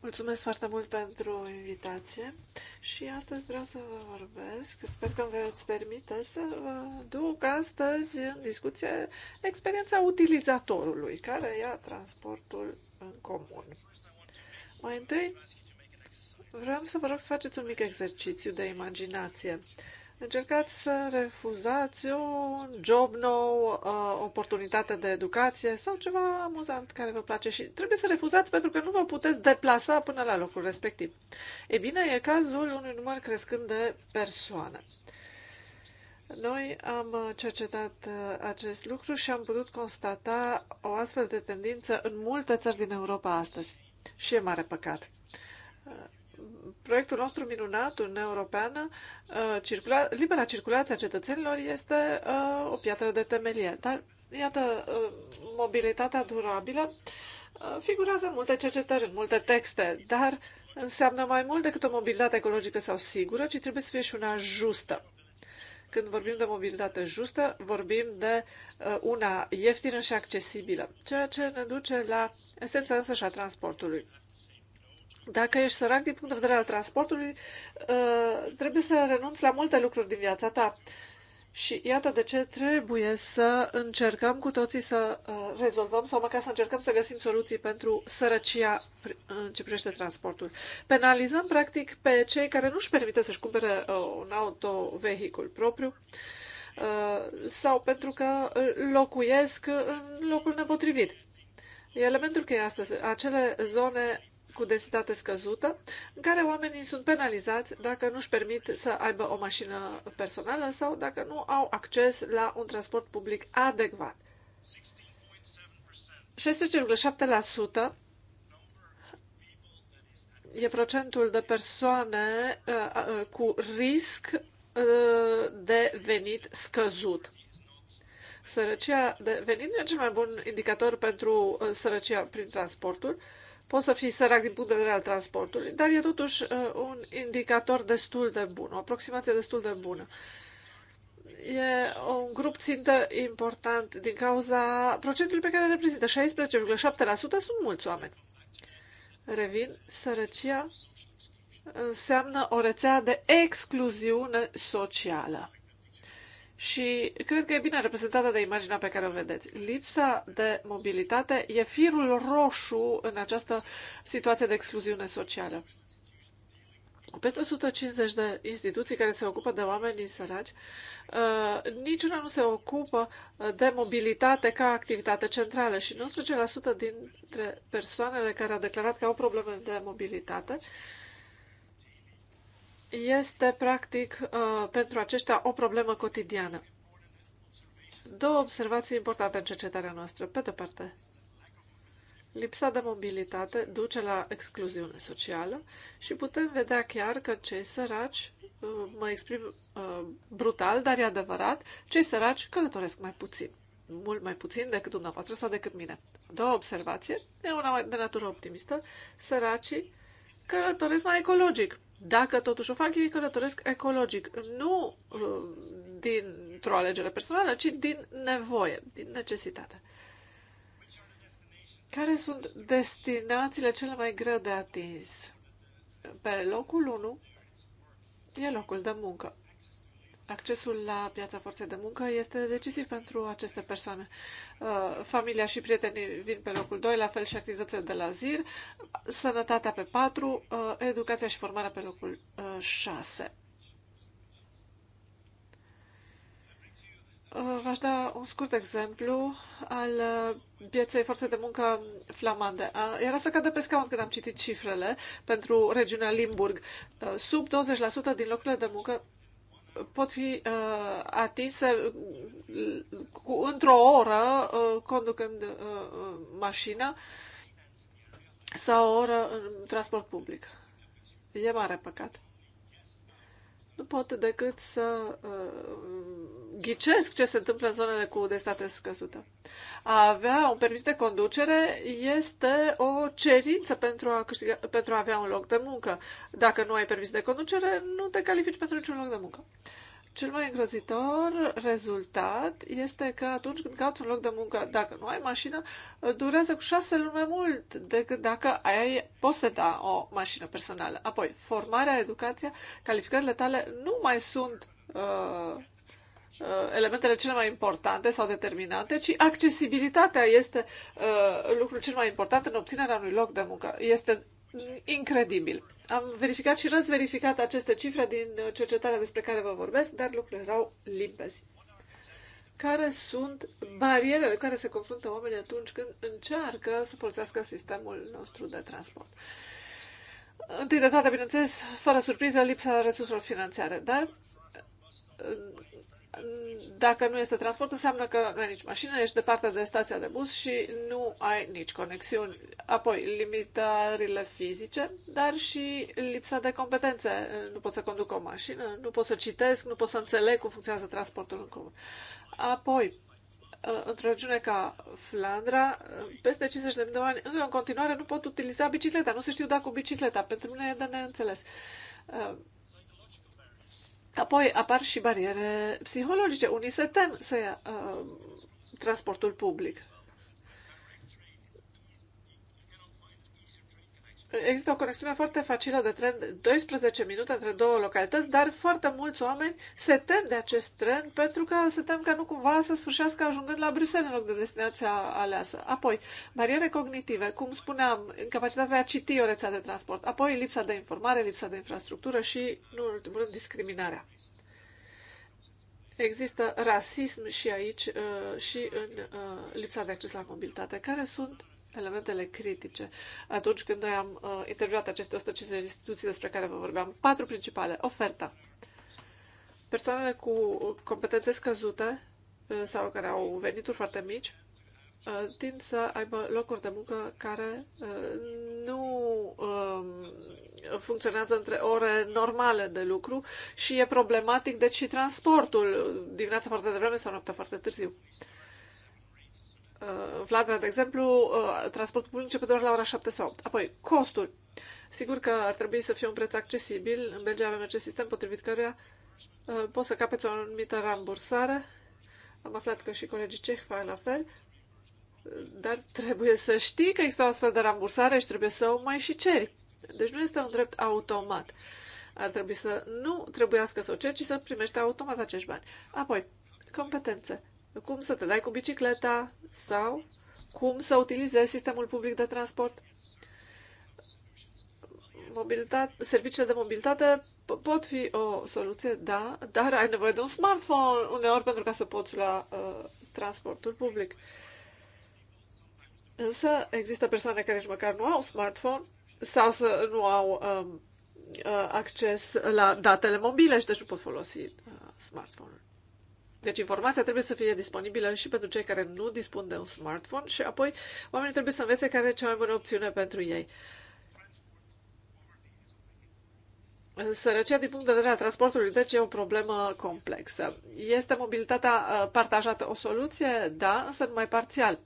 Mulțumesc foarte mult pentru invitație și astăzi vreau să vă vorbesc. Sper că îți permite să vă duc astăzi în discuție experiența utilizatorului care ia transportul în comun. Mai întâi, vreau să vă rog să faceți un mic exercițiu de imaginație. Încercați să refuzați un job nou, uh, o oportunitate de educație sau ceva amuzant care vă place și trebuie să refuzați pentru că nu vă puteți deplasa până la locul respectiv. E bine, e cazul unui număr crescând de persoane. Noi am cercetat uh, acest lucru și am putut constata o astfel de tendință în multe țări din Europa astăzi. Și e mare păcat proiectul nostru minunat, Uniunea Europeană, uh, circula, libera circulație a cetățenilor este uh, o piatră de temelie. Dar, iată, uh, mobilitatea durabilă figurează în multe cercetări, în multe texte, dar înseamnă mai mult decât o mobilitate ecologică sau sigură, ci trebuie să fie și una justă. Când vorbim de mobilitate justă, vorbim de una ieftină și accesibilă, ceea ce ne duce la esența însăși a transportului. Dacă ești sărac din punct de vedere al transportului, uh, trebuie să renunți la multe lucruri din viața ta. Și iată de ce trebuie să încercăm cu toții să uh, rezolvăm sau măcar să încercăm să găsim soluții pentru sărăcia în ce privește transportul. Penalizăm, practic, pe cei care nu-și permite să-și cumpere uh, un autovehicul propriu sau pentru că locuiesc în locul nepotrivit. Elementul că e astăzi, acele zone cu densitate scăzută, în care oamenii sunt penalizați dacă nu-și permit să aibă o mașină personală sau dacă nu au acces la un transport public adecvat. 16,7% e procentul de persoane uh, uh, cu risc uh, de venit scăzut. Sărăcia de venit nu e cel mai bun indicator pentru sărăcia prin transporturi, Poți să fii sărac din punct de vedere al transportului, dar e totuși uh, un indicator destul de bun, o aproximație destul de bună. E un grup țintă important din cauza procentului pe care îl reprezintă. 16,7% sunt mulți oameni. Revin, sărăcia înseamnă o rețea de excluziune socială. Și cred că e bine reprezentată de imaginea pe care o vedeți. Lipsa de mobilitate e firul roșu în această situație de excluziune socială. Cu peste 150 de instituții care se ocupă de oamenii săraci, uh, niciuna nu se ocupă uh, de mobilitate ca activitate centrală și 19% dintre persoanele care au declarat că au probleme de mobilitate este practic uh, pentru aceștia o problemă cotidiană. Două observații importante în cercetarea noastră. Pe de parte, lipsa de mobilitate duce la excluziune socială și putem vedea chiar că cei săraci, uh, mă exprim uh, brutal, dar e adevărat, cei săraci călătoresc mai puțin mult mai puțin decât dumneavoastră sau decât mine. Două observații. e una de natură optimistă. Săracii călătoresc mai ecologic. Dacă totuși o fac, îi călătoresc ecologic. Nu uh, dintr-o alegere personală, ci din nevoie, din necesitate. Care sunt destinațiile cele mai greu de atins? Pe locul 1 e locul de muncă accesul la piața forței de muncă este decisiv pentru aceste persoane. Uh, familia și prietenii vin pe locul 2, la fel și activitățile de la ZIR, sănătatea pe 4, uh, educația și formarea pe locul 6. Uh, v-aș da un scurt exemplu al pieței forței de muncă flamande. Era să cadă pe scaun când am citit cifrele pentru regiunea Limburg. Sub 20% din locurile de muncă pot fi uh, atinse uh, cu, într-o oră uh, conducând uh, uh, mașina sau o oră în transport public. E mare păcat nu pot decât să uh, ghicesc ce se întâmplă în zonele cu destate scăzută. A avea un permis de conducere este o cerință pentru a, câștiga, pentru a avea un loc de muncă. Dacă nu ai permis de conducere, nu te califici pentru niciun loc de muncă. Uh, cel mai îngrozitor rezultat este că atunci când cauți un loc de muncă, dacă nu ai mașină, durează cu șase luni mai mult decât dacă ai poseda o mașină personală. Apoi, formarea, educația, calificările tale nu mai sunt uh, uh, elementele cele mai importante sau determinante, ci accesibilitatea este uh, lucrul cel mai important în obținerea unui loc de muncă. Este incredibil. Am verificat și răzverificat aceste cifre din cercetarea despre care vă vorbesc, dar lucrurile erau limpezi. Care sunt barierele care se confruntă oamenii atunci când încearcă să folosească sistemul nostru de transport? Întâi de toate, bineînțeles, fără surpriză, lipsa resurselor financiare, dar dacă nu este transport, înseamnă că nu ai nici mașină, ești departe de stația de bus și nu ai nici conexiuni. Apoi, limitările fizice, dar și lipsa de competențe. Nu pot să conduc o mașină, nu pot să citesc, nu pot să înțeleg cum funcționează transportul în comun. Apoi, uh, într-o regiune ca Flandra, uh, peste 50 de oameni în continuare nu pot utiliza bicicleta, nu se știu dacă cu bicicleta. Pentru mine e de neînțeles uh, Apoi apar și bariere psihologice. Unii se tem să ia uh, transportul public. Există o conexiune foarte facilă de tren, 12 minute între două localități, dar foarte mulți oameni se tem de acest tren pentru că se tem că nu cumva să sfârșească ajungând la Bruxelles în loc de destinația aleasă. Apoi, bariere cognitive, cum spuneam, incapacitatea de a citi o rețea de transport, apoi lipsa de informare, lipsa de infrastructură și, nu în ultimul rând, discriminarea. Există rasism și aici uh, și în uh, lipsa de acces la mobilitate, care sunt elementele critice atunci când noi am uh, interviuat aceste 150 instituții despre care vă vorbeam. Patru principale. Oferta. Persoanele cu competențe scăzute uh, sau care au venituri foarte mici uh, tind să aibă locuri de muncă care uh, nu um, funcționează între ore normale de lucru și e problematic, deci și transportul dimineața foarte devreme sau noaptea foarte târziu. Uh, în uh, de exemplu, uh, transportul public începe doar la ora 7 sau 8. Apoi, costuri. Sigur că ar trebui să fie un preț accesibil. În Belgia avem acest sistem potrivit căruia uh, poți să capeți o anumită rambursare. Am aflat că și colegii cehi fac la fel. Dar trebuie să știi că există o astfel de rambursare și trebuie să o mai și ceri. Deci nu este un drept automat. Ar trebui să nu trebuiască să o ceri, ci să primești automat acești bani. Apoi, competențe cum să te dai cu bicicleta sau cum să utilizezi sistemul public de transport. Mobilitate, serviciile de mobilitate pot fi o soluție, da, dar ai nevoie de un smartphone uneori pentru ca să poți lua uh, transportul public. Însă există persoane care nici măcar nu au smartphone sau să nu au um, uh, acces la datele mobile și deci nu pot folosi uh, smartphone-ul. Deci informația trebuie să fie disponibilă și pentru cei care nu dispun de un smartphone și apoi oamenii trebuie să învețe care e cea mai bună opțiune pentru ei. Sărăcia din punct de vedere al transportului, deci e o problemă complexă. Este mobilitatea uh, partajată o soluție? Da, însă numai parțial.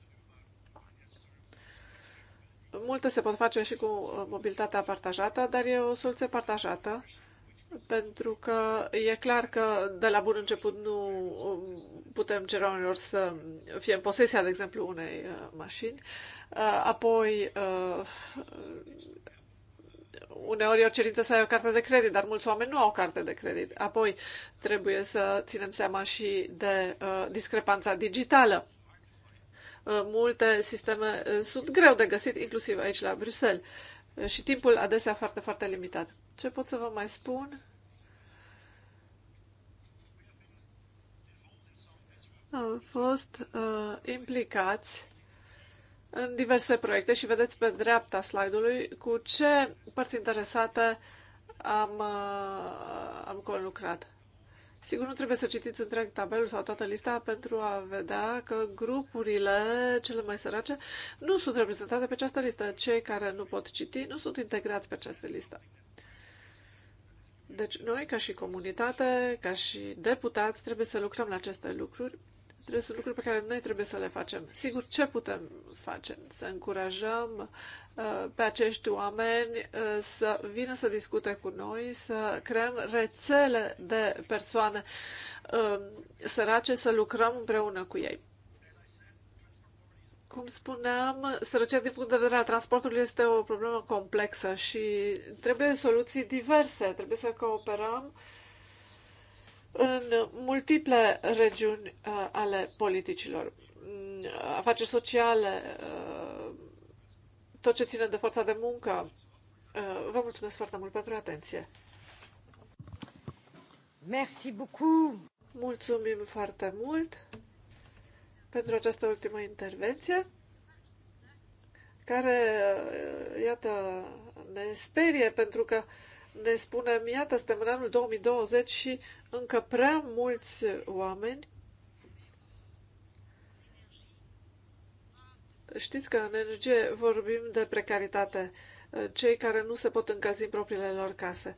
Multe se pot face și cu uh, mobilitatea partajată, dar e o soluție partajată pentru că e clar că de la bun început nu um, putem cere oamenilor să fie în posesia, de exemplu, unei uh, mașini. Uh, apoi, uh, uneori e o cerință să ai o carte de credit, dar mulți oameni nu au o carte de credit. Apoi, trebuie să ținem seama și de discrepanța digitală. Multe sisteme sunt greu de găsit, inclusiv aici la Bruxelles, și timpul adesea foarte, foarte limitat ce pot să vă mai spun? Am fost uh, implicați în diverse proiecte și vedeți pe dreapta slide-ului cu ce părți interesate am, uh, am conlucrat. Sigur, nu trebuie să citiți întreg tabelul sau toată lista pentru a vedea că grupurile cele mai sărace nu sunt reprezentate pe această listă. Cei care nu pot citi nu sunt integrați pe această listă. Deci noi, ca și comunitate, ca și deputați, trebuie să lucrăm la aceste lucruri. Trebuie să lucruri pe care noi trebuie să le facem. Sigur, ce putem face? Să încurajăm uh, pe acești oameni uh, să vină să discute cu noi, să creăm rețele de persoane uh, sărace, să lucrăm împreună cu ei. Cum spuneam, sărăcia din punct de vedere al transportului este o problemă complexă și trebuie soluții diverse, trebuie să cooperăm în multiple regiuni uh, ale politicilor, mm, afaceri sociale, uh, tot ce ține de forța de muncă. Uh, vă mulțumesc foarte mult pentru atenție. Merci beaucoup. Mulțumim foarte mult pentru această ultimă intervenție, care, iată, ne sperie pentru că ne spunem, iată, suntem în anul 2020 și încă prea mulți oameni Știți că în energie vorbim de precaritate, cei care nu se pot încălzi în propriile lor case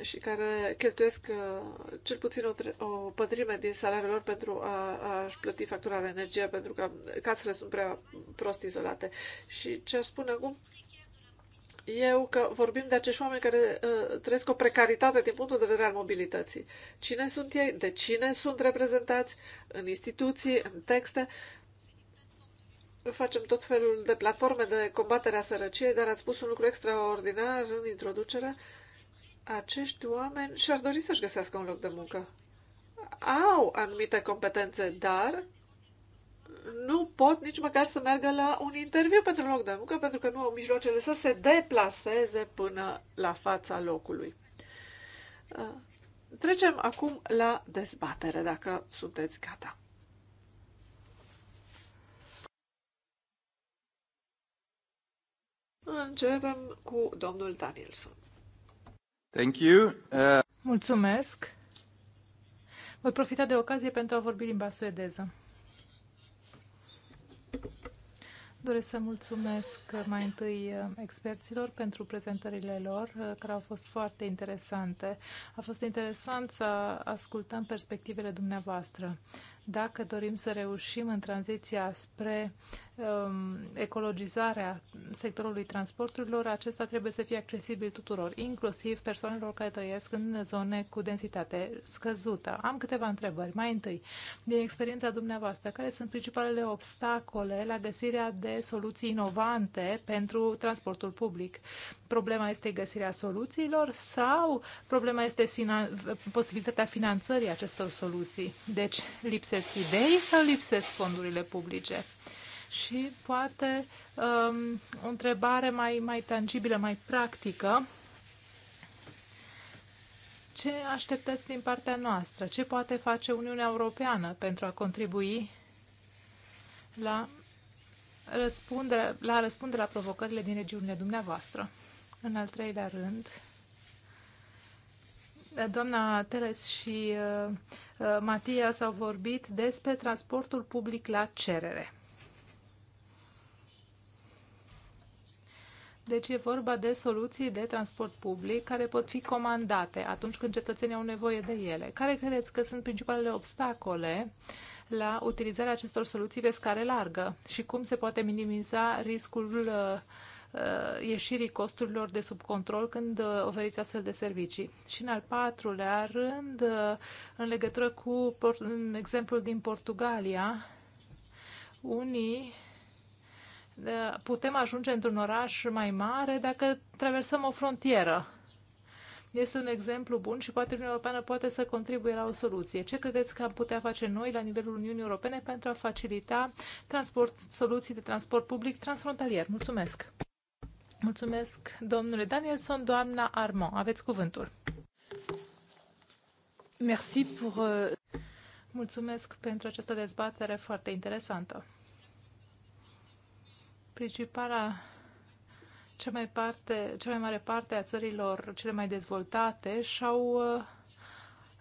și care cheltuiesc uh, cel puțin o, o pătrime din salariul lor pentru a, a-și plăti factura de energie, pentru că casele sunt prea prost izolate. Și ce aș spune acum? eu că vorbim de acești oameni care uh, trăiesc o precaritate din punctul de vedere al mobilității. Cine sunt ei? De cine sunt reprezentați? În instituții, în texte? Facem tot felul de platforme de combatere a sărăciei, dar ați spus un lucru extraordinar în introducere. Uh, acești oameni și-ar dori să-și găsească un loc de muncă. Au anumite competențe, dar nu pot nici măcar să meargă la un interviu pentru un loc de muncă, pentru că nu au mijloacele să se deplaseze până la fața locului. Trecem acum la dezbatere, dacă sunteți gata. Începem cu domnul Danielson. Uh, mulțumesc. Voi profita de ocazie pentru a vorbi limba suedeză. Doresc să mulțumesc mai întâi uh, experților pentru prezentările lor, uh, care au fost foarte interesante. A fost interesant să ascultăm perspectivele dumneavoastră. Dacă dorim să reușim în tranziția spre Um, ecologizarea sectorului transporturilor, acesta trebuie să fie accesibil tuturor, inclusiv persoanelor care trăiesc în zone cu densitate scăzută. Am câteva întrebări. Mai întâi, din experiența dumneavoastră, care sunt principalele obstacole la găsirea de soluții inovante pentru transportul public? Problema este găsirea soluțiilor sau problema este finan- posibilitatea finanțării acestor soluții? Deci, lipsesc idei sau lipsesc fondurile publice? Și poate um, o întrebare mai, mai tangibilă, mai practică. Ce așteptați din partea noastră? Ce poate face Uniunea Europeană pentru a contribui la răspundere, la răspunde la provocările din regiunile dumneavoastră? În al treilea rând, doamna Teles și uh, uh Matia s-au vorbit despre transportul public la cerere. Deci e vorba de soluții de transport public care pot fi comandate atunci când cetățenii au nevoie de ele. Care credeți că sunt principalele obstacole la utilizarea acestor soluții pe scară largă și cum se poate minimiza riscul uh, uh, ieșirii costurilor de sub control când uh, oferiți astfel de servicii. Și în al patrulea rând, în legătură cu exemplul din Portugalia, unii putem ajunge într-un oraș mai mare dacă traversăm o frontieră. Este un exemplu bun și poate Uniunea Europeană poate să contribuie la o soluție. Ce credeți că am putea face noi la nivelul Uniunii Europene pentru a facilita transport, soluții de transport public transfrontalier? Mulțumesc! Mulțumesc, domnule Danielson, doamna Armand. Aveți cuvântul. Merci pour... Euh, Mulțumesc pentru această dezbatere foarte interesantă. Principala cea mai, parte, cea mai mare parte a țărilor cele mai dezvoltate și-au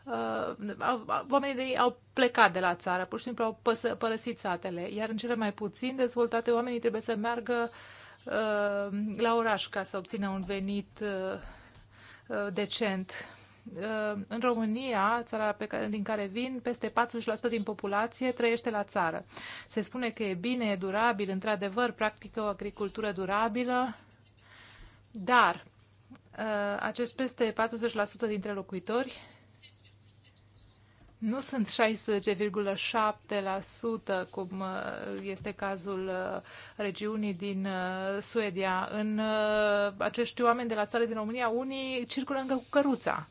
uh, uh oamenii de ei au plecat de la țară, pur și simplu au păsă, părăsit satele, iar în cele mai puțin dezvoltate oamenii trebuie să meargă uh, la oraș ca să obțină un venit uh, uh decent Uh, în România, țara pe care, din care vin, peste 40% din populație trăiește la țară. Se spune că e bine, e durabil, într-adevăr, practică o agricultură durabilă, dar uh, acest peste 40% dintre locuitori nu sunt 16,7% cum uh, este cazul regiunii din Suedia. În acești oameni de la țară din România, unii circulă încă cu căruța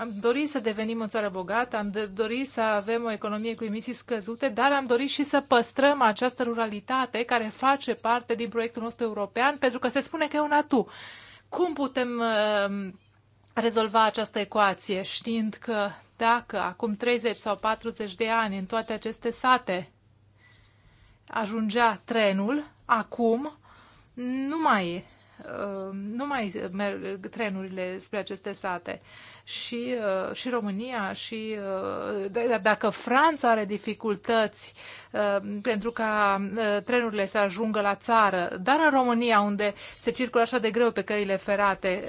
am dorit să devenim o țară bogată, am dorit să avem o economie cu emisii scăzute, dar am dorit și să păstrăm această ruralitate care face parte din proiectul nostru european, pentru că se spune că e un atu. Cum putem uh, rezolva această ecuație, știind că dacă acum 30 sau 40 de ani în toate aceste sate ajungea trenul, acum nu mai, uh, nu mai merg trenurile spre aceste sate și, uh, și România și uh, dacă Franța are dificultăți uh, pentru ca trenurile să ajungă la țară, dar în România unde se circulă așa de greu pe căile ferate,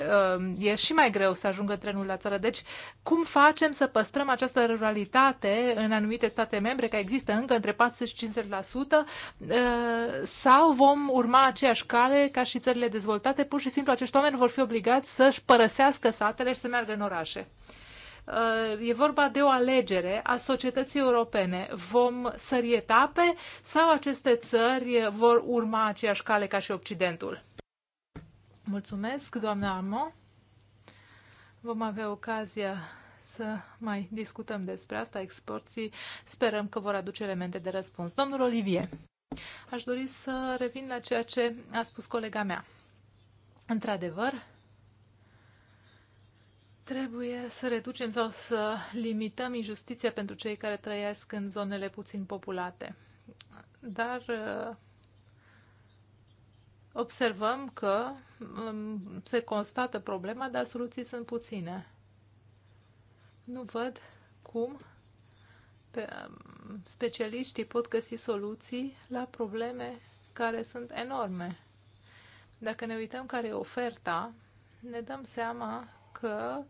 e și mai greu să ajungă trenul la țară. Deci cum facem să păstrăm această ruralitate în anumite state membre, care există încă între 40 și 50% sau vom urma aceeași cale ca și țările dezvoltate, pur și simplu acești oameni vor fi obligați să-și părăsească satele și să meargă în oraș orașe. Uh, e vorba de o alegere a societății europene. Vom sări etape sau aceste țări vor urma aceeași cale ca și Occidentul? Mulțumesc, doamna Amo. Vom avea ocazia să mai discutăm despre asta. Exporții sperăm că vor aduce elemente de răspuns. Domnul Olivier, aș dori să revin la ceea ce a spus colega mea. Într-adevăr, Trebuie să reducem sau să limităm injustiția pentru cei care trăiesc în zonele puțin populate. Dar uh, observăm că um, se constată problema, dar soluții sunt puține. Nu văd cum um, specialiștii pot găsi soluții la probleme care sunt enorme. Dacă ne uităm care e oferta, ne dăm seama că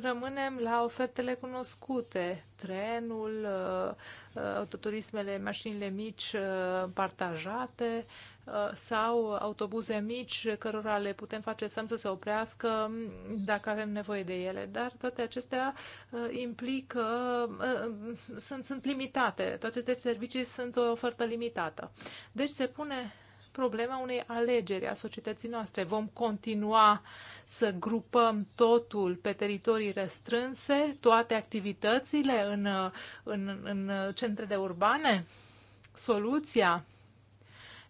rămânem la ofertele cunoscute, trenul, uh, uh, autoturismele, mașinile mici uh, partajate sau autobuze mici cărora le putem face să se oprească mm, dacă avem nevoie de ele. Dar toate acestea implică, um, sunt, sunt limitate, toate aceste servicii sunt o ofertă limitată. Deci se pune problema unei alegeri a societății noastre. Vom continua să grupăm totul pe teritorii restrânse, toate activitățile în, în, în centrele urbane? Soluția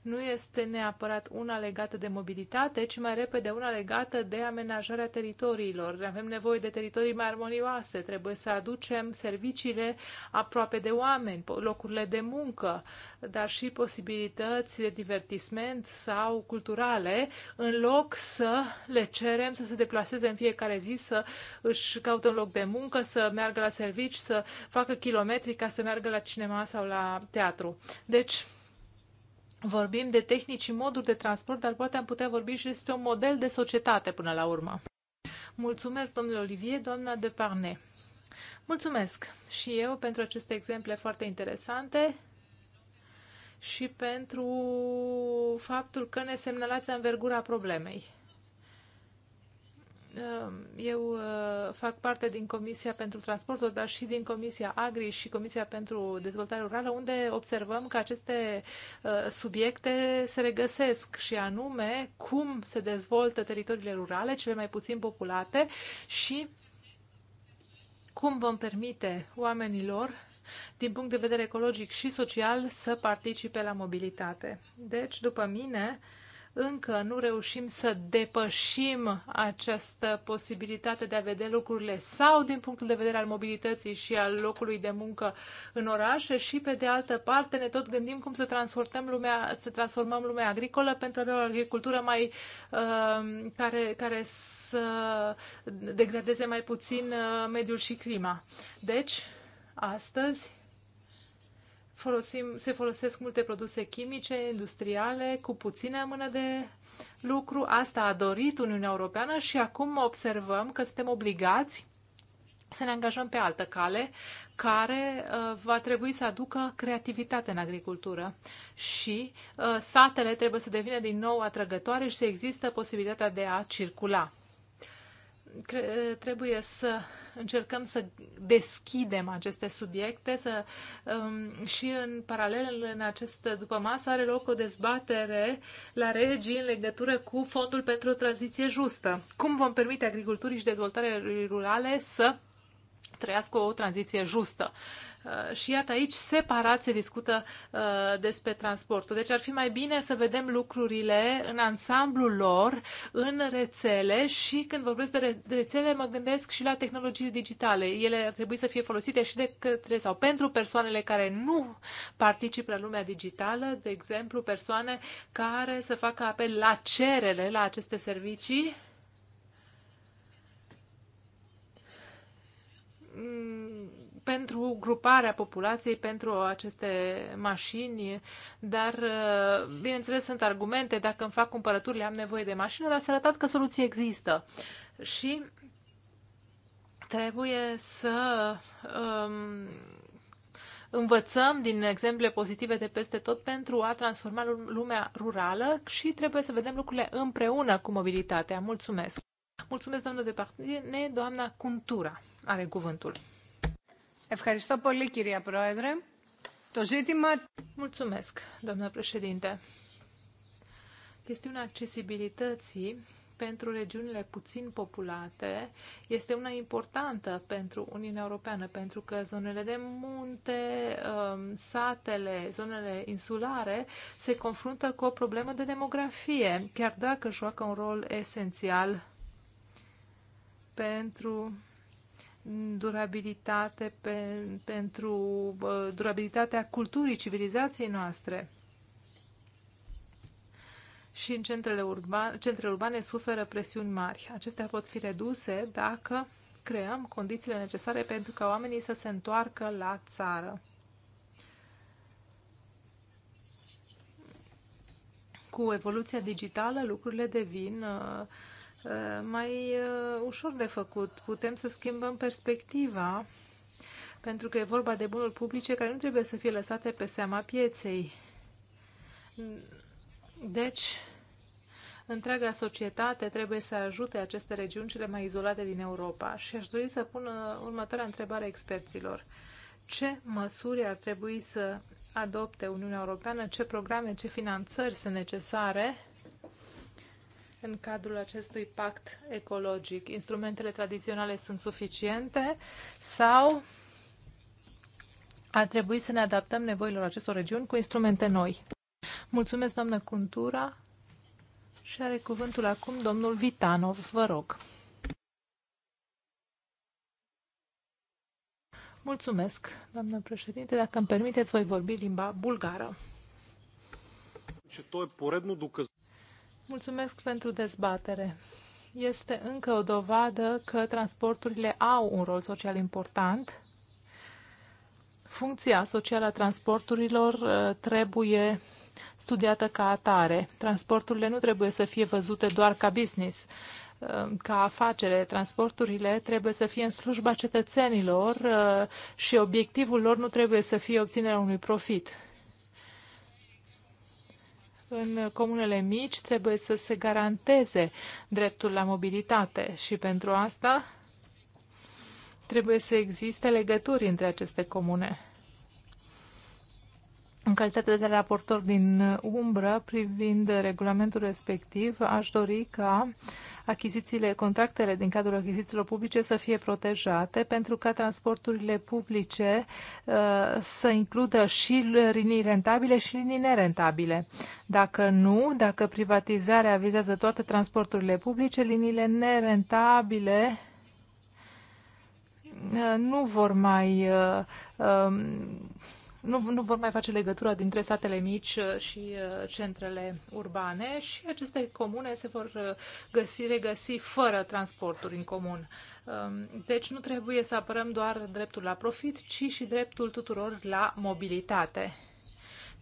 nu este neapărat una legată de mobilitate, ci mai repede una legată de amenajarea teritoriilor. Avem nevoie de teritorii mai armonioase, trebuie să aducem serviciile aproape de oameni, locurile de muncă, dar și posibilități de divertisment sau culturale, în loc să le cerem să se deplaseze în fiecare zi, să își caute un loc de muncă, să meargă la servici, să facă kilometri ca să meargă la cinema sau la teatru. Deci, vorbim de tehnici și moduri de transport, dar poate am putea vorbi și despre un model de societate până la urmă. Mulțumesc, domnule Olivier, doamna Parne. Mulțumesc și eu pentru aceste exemple foarte interesante și pentru faptul că ne semnalați învergura problemei. Uh, eu uh, fac parte din Comisia pentru Transportul, dar și din Comisia Agri și Comisia pentru Dezvoltare Rurală, unde observăm că aceste uh, subiecte se regăsesc și anume cum se dezvoltă teritoriile rurale, cele mai puțin populate și cum vom permite oamenilor din punct de vedere ecologic și social, să participe la mobilitate. Deci, după mine, uh, încă nu reușim să depășim această posibilitate de a vedea lucrurile sau din punctul de vedere al mobilității și al locului de muncă în orașe și pe de altă parte ne tot gândim cum să transformăm lumea, să transformăm lumea agricolă pentru a avea o agricultură mai uh, care, care să degradeze mai puțin uh, mediul și clima. Deci, astăzi folosim, se folosesc multe produse chimice, industriale, cu puțină mână de lucru. Asta a dorit Uniunea Europeană și acum observăm că suntem obligați să ne angajăm pe altă cale care uh, va trebui să aducă creativitate în agricultură și uh, satele trebuie să devină din nou atrăgătoare și să există posibilitatea de a circula trebuie să încercăm să deschidem aceste subiecte să, um, și în paralel în acest după masă are loc o dezbatere la regii în legătură cu fondul pentru o tranziție justă. Cum vom permite agriculturii și dezvoltarea rurale să trăiască o tranziție justă? Uh, Uh, și iată aici, separat se discută uh, despre transportul. Deci ar fi mai bine să vedem lucrurile în ansamblul lor, în rețele și când vorbesc de, re- de rețele mă gândesc și la tehnologii digitale. Ele ar trebui să fie folosite și de către sau pentru persoanele care nu participă la lumea digitală, de exemplu persoane care să facă apel la cerere la aceste servicii. Mm pentru gruparea populației, pentru aceste mașini, dar, uh, bineînțeles, sunt argumente, dacă îmi fac cumpărăturile, am nevoie de mașină, dar s-a arătat că soluții există. Și trebuie să um, învățăm din exemple pozitive de peste tot pentru a transforma lumea rurală și trebuie să vedem lucrurile împreună cu mobilitatea. Mulțumesc! Mulțumesc, doamnă de partine, doamna Cuntura are cuvântul doamnă președinte. Chestiunea accesibilității pentru regiunile puțin populate este una importantă pentru Uniunea Europeană, pentru că zonele de munte, um, satele, zonele insulare se confruntă cu o problemă de demografie, chiar dacă joacă un rol esențial pentru durabilitate pe, pentru durabilitatea culturii, civilizației noastre. Și în centrele urbane, centrele urbane suferă presiuni mari. Acestea pot fi reduse dacă creăm condițiile necesare pentru ca oamenii să se întoarcă la țară. Cu evoluția digitală, lucrurile devin uh, Eh, mai eh, ușor de făcut. Putem să schimbăm perspectiva, pentru că e vorba de bunuri publice care nu trebuie să fie lăsate pe seama pieței. Deci, întreaga societate trebuie să ajute aceste regiuni cele mai izolate din Europa. Și aș dori să pun eh, următoarea întrebare experților. Ce măsuri ar trebui să adopte Uniunea Europeană? Ce programe, ce finanțări sunt necesare? în cadrul acestui pact ecologic? Instrumentele tradiționale sunt suficiente sau ar trebui să ne adaptăm nevoilor acestor regiuni cu instrumente noi? Mulțumesc, doamnă Cuntura. Și are cuvântul acum domnul Vitanov, vă rog. Mulțumesc, doamnă președinte. Dacă îmi permiteți, voi vorbi limba bulgară. Și toi, е ducă... Mulțumesc pentru dezbatere. Este încă o dovadă că transporturile au un rol social important. Funcția socială a transporturilor uh, trebuie studiată ca atare. Transporturile nu trebuie să fie văzute doar ca business, uh, ca afacere. Transporturile trebuie să fie în slujba cetățenilor uh, și obiectivul lor nu trebuie să fie obținerea unui profit în comunele mici trebuie să se garanteze dreptul la mobilitate și pentru asta trebuie să existe legături între aceste comune. În calitate de raportor din umbră privind regulamentul respectiv, aș dori ca achizițiile, contractele din cadrul achizițiilor publice să fie protejate pentru ca transporturile publice uh, să includă și linii rentabile și linii nerentabile. Dacă nu, dacă privatizarea vizează toate transporturile publice, liniile nerentabile uh, nu vor mai uh, um, nu, nu vor mai face legătura dintre satele mici uh, și uh, centrele urbane și aceste comune se vor uh, găsi, regăsi fără transporturi în comun. Um, deci nu trebuie să apărăm doar dreptul la profit, ci și dreptul tuturor la mobilitate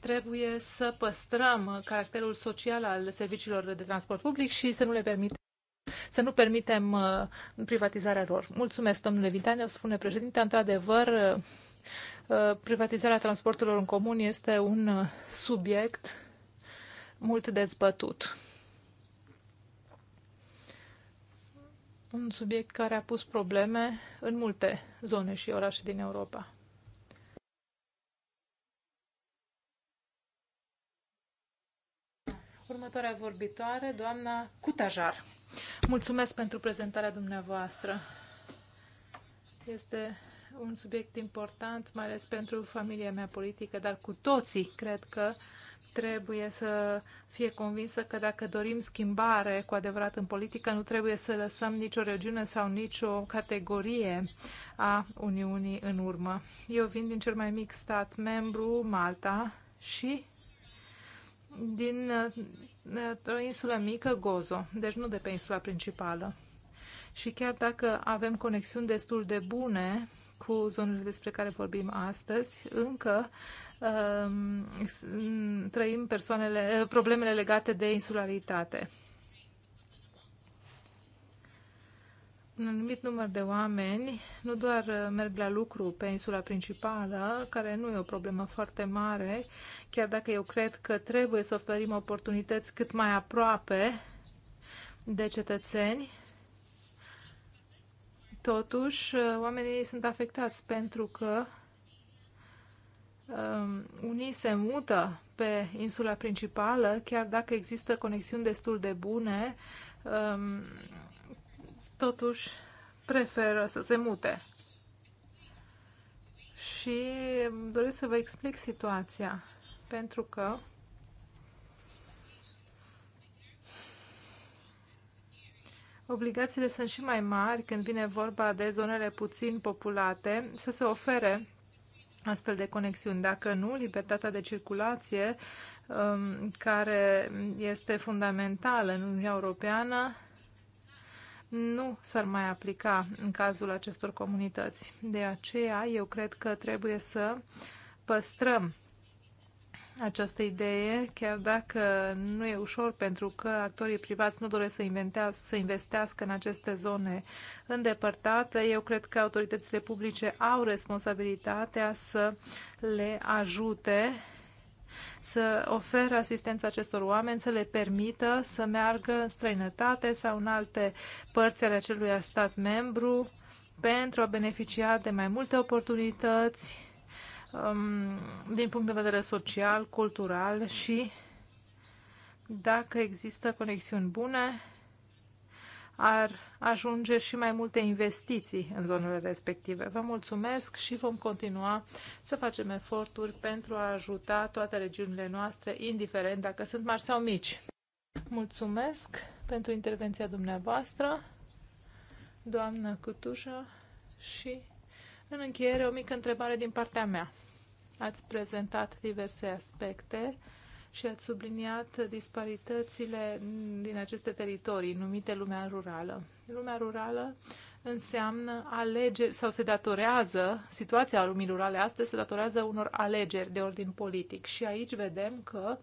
trebuie să păstrăm caracterul social al serviciilor de transport public și să nu le permitem să nu permitem privatizarea lor. Mulțumesc, domnule o spune președinte. Într-adevăr, Uh, privatizarea transporturilor în comun este un uh, subiect mult dezbătut. Un subiect care a pus probleme în multe zone și orașe din Europa. Următoarea vorbitoare, doamna Cutajar. Mulțumesc pentru prezentarea dumneavoastră. Este un subiect important, mai ales pentru familia mea politică, dar cu toții cred că trebuie să fie convinsă că dacă dorim schimbare cu adevărat în politică, nu trebuie să lăsăm nicio regiune sau nicio categorie a Uniunii în urmă. Eu vin din cel mai mic stat membru, Malta, și din o insulă mică, Gozo, deci nu de pe insula principală. Și chiar dacă avem conexiuni destul de bune cu zonele despre care vorbim astăzi, încă um, trăim persoanele, problemele legate de insularitate. un anumit număr de oameni nu doar uh, merg la lucru pe insula principală, care nu e o problemă foarte mare, chiar dacă eu cred că trebuie să oferim oportunități cât mai aproape de cetățeni, Totuși, uh, oamenii sunt afectați pentru că um, unii se mută pe insula principală, chiar dacă există conexiuni destul de bune, um, totuși preferă să se mute. Și um, doresc să vă explic situația, pentru că obligațiile sunt și mai mari când vine vorba de zonele puțin populate, să se ofere astfel de conexiuni. Dacă nu, libertatea de circulație, um, care este fundamentală în Uniunea Europeană, nu s-ar mai aplica în cazul acestor comunități. De aceea, eu cred că trebuie să păstrăm această idee, chiar dacă nu e ușor pentru că actorii privați nu doresc să, să investească în aceste zone îndepărtate. Eu cred că autoritățile publice au responsabilitatea să le ajute să oferă asistență acestor oameni, să le permită să meargă în străinătate sau în alte părți ale acelui stat membru pentru a beneficia de mai multe oportunități Um, din punct de vedere social, cultural și dacă există conexiuni bune, ar ajunge și mai multe investiții în zonele respective. Vă mulțumesc și vom continua să facem eforturi pentru a ajuta toate regiunile noastre, indiferent dacă sunt mari sau mici. Mulțumesc pentru intervenția dumneavoastră, doamnă Cutușă, și în încheiere o mică întrebare din partea mea. Ați prezentat diverse aspecte și ați subliniat disparitățile din aceste teritorii numite lumea rurală. Lumea rurală înseamnă alegeri sau se datorează, situația lumii rurale astăzi se datorează unor alegeri de ordin politic și aici vedem că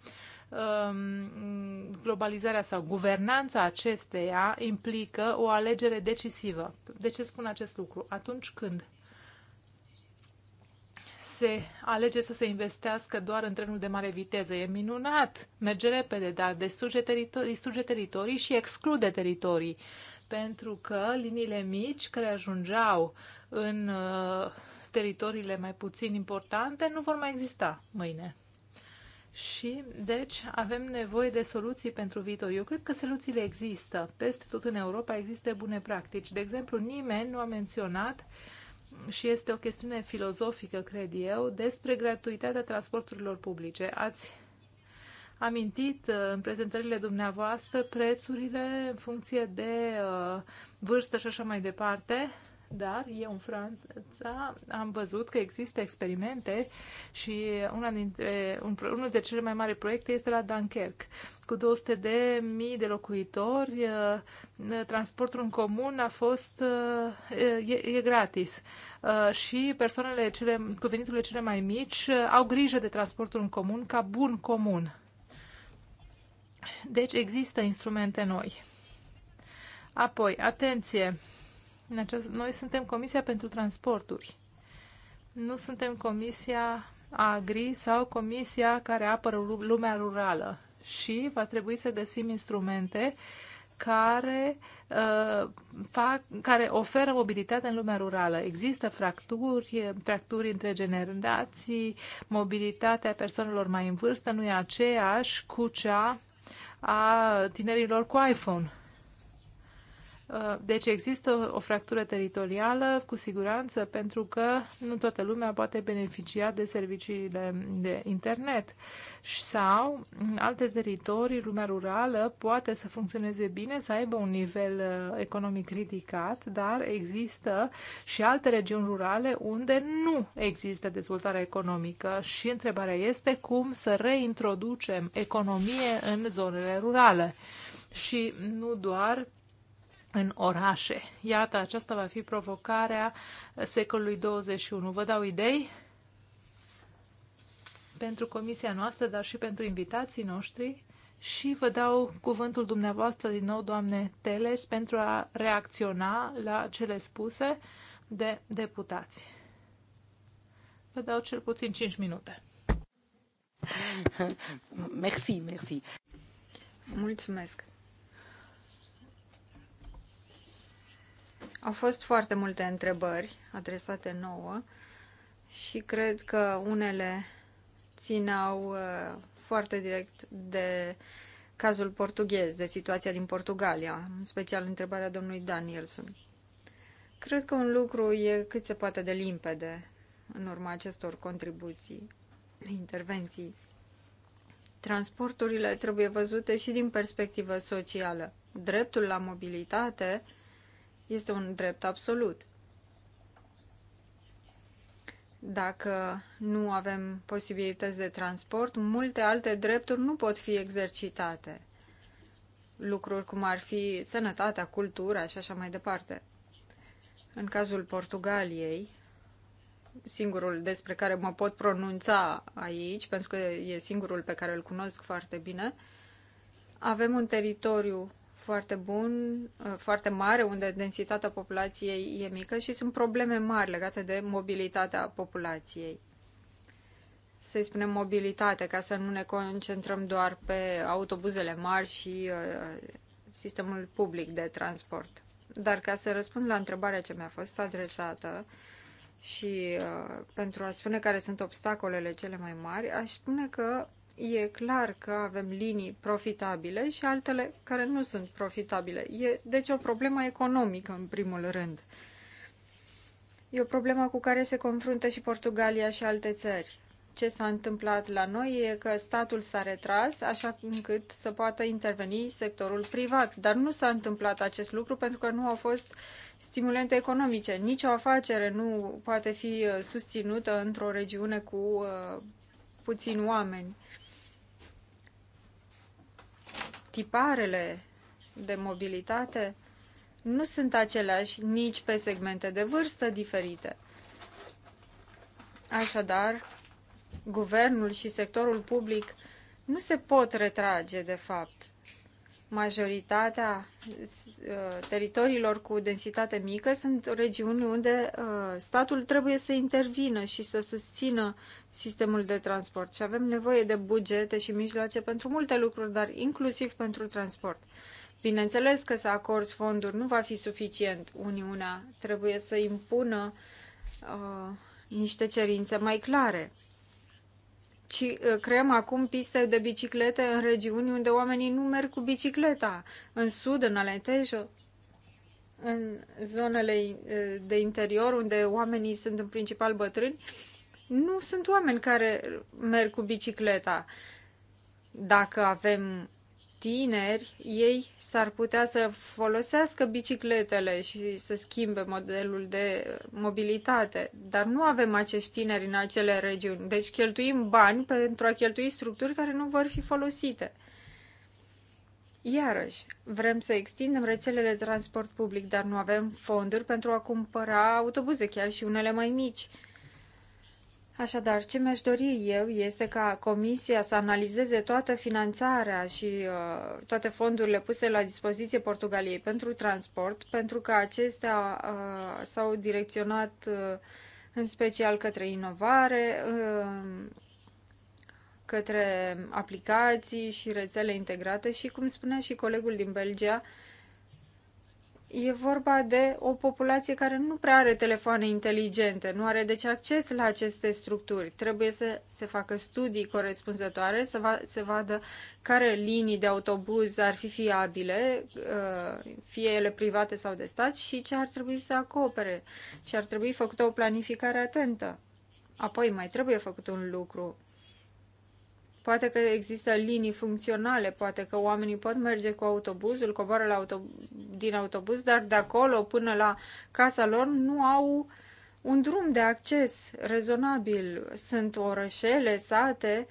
um, globalizarea sau guvernanța acesteia implică o alegere decisivă. De ce spun acest lucru? Atunci când se alege să se investească doar în trenul de mare viteză. E minunat, merge repede, dar distruge, teritori- distruge teritorii și exclude teritorii. Pentru că liniile mici care ajungeau în uh, teritoriile mai puțin importante nu vor mai exista mâine. Și, deci, avem nevoie de soluții pentru viitor. Eu cred că soluțiile există. Peste tot în Europa există bune practici. De exemplu, nimeni nu a menționat uh, și este o chestiune filozofică, cred eu, despre gratuitatea transporturilor publice. Ați amintit uh, în prezentările dumneavoastră prețurile în funcție de uh, vârstă și așa mai departe dar eu în Franța am văzut că există experimente și una dintre, un, unul dintre cele mai mari proiecte este la Dunkerque. Cu 200 de mii de locuitori, uh, transportul în comun a fost, uh, e, e gratis. Uh, și persoanele cele, cu veniturile cele mai mici au grijă de transportul în comun ca bun comun. Deci există instrumente noi. Apoi, atenție! În acest, noi suntem Comisia pentru Transporturi. Nu suntem Comisia Agri sau Comisia care apără lumea rurală. Și va trebui să găsim instrumente care, uh, fac, care oferă mobilitate în lumea rurală. Există fracturi, fracturi între generații, mobilitatea persoanelor mai în vârstă nu e aceeași cu cea a tinerilor cu iPhone Uh, deci există o fractură teritorială, cu siguranță, pentru că nu toată lumea poate beneficia de serviciile de internet. Sau, în alte teritorii, lumea rurală poate să funcționeze bine, să aibă un nivel uh, economic ridicat, dar există și alte regiuni rurale unde nu există dezvoltare economică și întrebarea este cum să reintroducem economie în zonele rurale și nu doar în orașe. Iată, aceasta va fi provocarea secolului 21. Vă dau idei pentru comisia noastră, dar și pentru invitații noștri și vă dau cuvântul dumneavoastră din nou, doamne Teles, pentru a reacționa la cele spuse de deputați. Vă dau cel puțin 5 minute. Merci, merci. Mulțumesc. Au fost foarte multe întrebări adresate nouă și cred că unele țineau uh, foarte direct de cazul portughez, de situația din Portugalia, în special întrebarea domnului Danielson. Cred că un lucru e cât se poate de limpede în urma acestor contribuții, intervenții. Transporturile trebuie văzute și din perspectivă socială. Dreptul la mobilitate este un drept absolut. Dacă nu avem posibilități de transport, multe alte drepturi nu pot fi exercitate. Lucruri cum ar fi sănătatea, cultura și așa mai departe. În cazul Portugaliei, singurul despre care mă pot pronunța aici, pentru că e singurul pe care îl cunosc foarte bine, avem un teritoriu foarte bun, uh, foarte mare, unde densitatea populației e mică și sunt probleme mari legate de mobilitatea populației. Să-i spunem mobilitate, ca să nu ne concentrăm doar pe autobuzele mari și uh, sistemul public de transport. Dar ca să răspund la întrebarea ce mi-a fost adresată și uh, pentru a spune care sunt obstacolele cele mai mari, aș spune că e clar că avem linii profitabile și altele care nu sunt profitabile. E, deci o problemă economică, în primul rând. E o problemă cu care se confruntă și Portugalia și alte țări. Ce s-a întâmplat la noi e că statul s-a retras așa încât să poată interveni sectorul privat. Dar nu s-a întâmplat acest lucru pentru că nu au fost stimulente economice. Nici o afacere nu poate fi uh, susținută într-o regiune cu uh, puțini oameni tiparele de mobilitate nu sunt aceleași nici pe segmente de vârstă diferite. Așadar, guvernul și sectorul public nu se pot retrage, de fapt majoritatea uh, teritoriilor cu densitate mică sunt regiuni unde uh, statul trebuie să intervină și să susțină sistemul de transport și avem nevoie de bugete și mijloace pentru multe lucruri, dar inclusiv pentru transport. Bineînțeles că să acorzi fonduri nu va fi suficient. Uniunea trebuie să impună uh, niște cerințe mai clare ci uh, creăm acum piste de biciclete în regiuni unde oamenii nu merg cu bicicleta. În sud, în Alentejo, în zonele uh, de interior, unde oamenii sunt în principal bătrâni, nu sunt oameni care merg cu bicicleta. Dacă avem tineri, ei s-ar putea să folosească bicicletele și să schimbe modelul de mobilitate, dar nu avem acești tineri în acele regiuni. Deci cheltuim bani pentru a cheltui structuri care nu vor fi folosite. Iarăși, vrem să extindem rețelele de transport public, dar nu avem fonduri pentru a cumpăra autobuze, chiar și unele mai mici. Așadar, ce mi-aș dori eu este ca Comisia să analizeze toată finanțarea și uh, toate fondurile puse la dispoziție Portugaliei pentru transport, pentru că acestea uh, s-au direcționat uh, în special către inovare, uh, către aplicații și rețele integrate și, cum spunea și colegul din Belgia, uh, e vorba de o populație care nu prea are telefoane inteligente, nu are deci acces la aceste structuri. Trebuie să se facă studii corespunzătoare, să va, se vadă care linii de autobuz ar fi fiabile, uh, fie ele private sau de stat, și ce ar trebui să acopere. Și ar trebui făcută o planificare atentă. Apoi mai trebuie făcut un lucru Poate că există linii funcționale, poate că oamenii pot merge cu autobuzul, coboară la autobuz, din autobuz, dar de acolo până la casa lor nu au un drum de acces rezonabil. Sunt orășele, sate,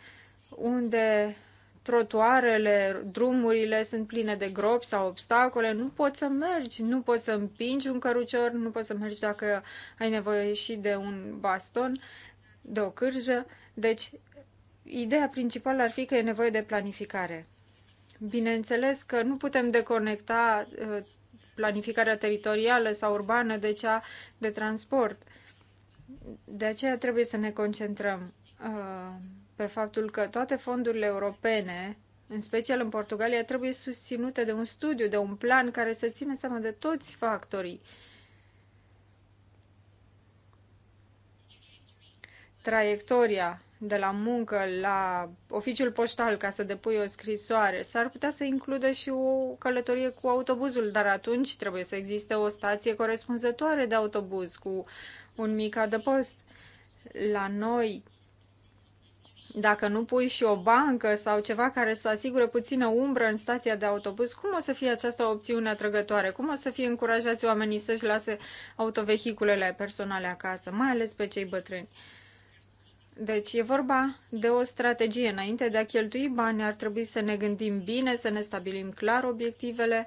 unde trotuarele, drumurile sunt pline de gropi sau obstacole, nu poți să mergi, nu poți să împingi un cărucior, nu poți să mergi dacă ai nevoie și de un baston, de o cârjă. Deci Ideea principală ar fi că e nevoie de planificare. Bineînțeles că nu putem deconecta uh, planificarea teritorială sau urbană de cea de transport. De aceea trebuie să ne concentrăm uh, pe faptul că toate fondurile europene, în special în Portugalia, trebuie susținute de un studiu, de un plan care să țină seama de toți factorii. Traiectoria de la muncă la oficiul poștal ca să depui o scrisoare, s-ar putea să includă și o călătorie cu autobuzul, dar atunci trebuie să existe o stație corespunzătoare de autobuz cu un mic adăpost. La noi, dacă nu pui și o bancă sau ceva care să asigure puțină umbră în stația de autobuz, cum o să fie această opțiune atrăgătoare? Cum o să fie încurajați oamenii să-și lase autovehiculele personale acasă, mai ales pe cei bătrâni? Deci e vorba de o strategie. Înainte de a cheltui bani, ar trebui să ne gândim bine, să ne stabilim clar obiectivele,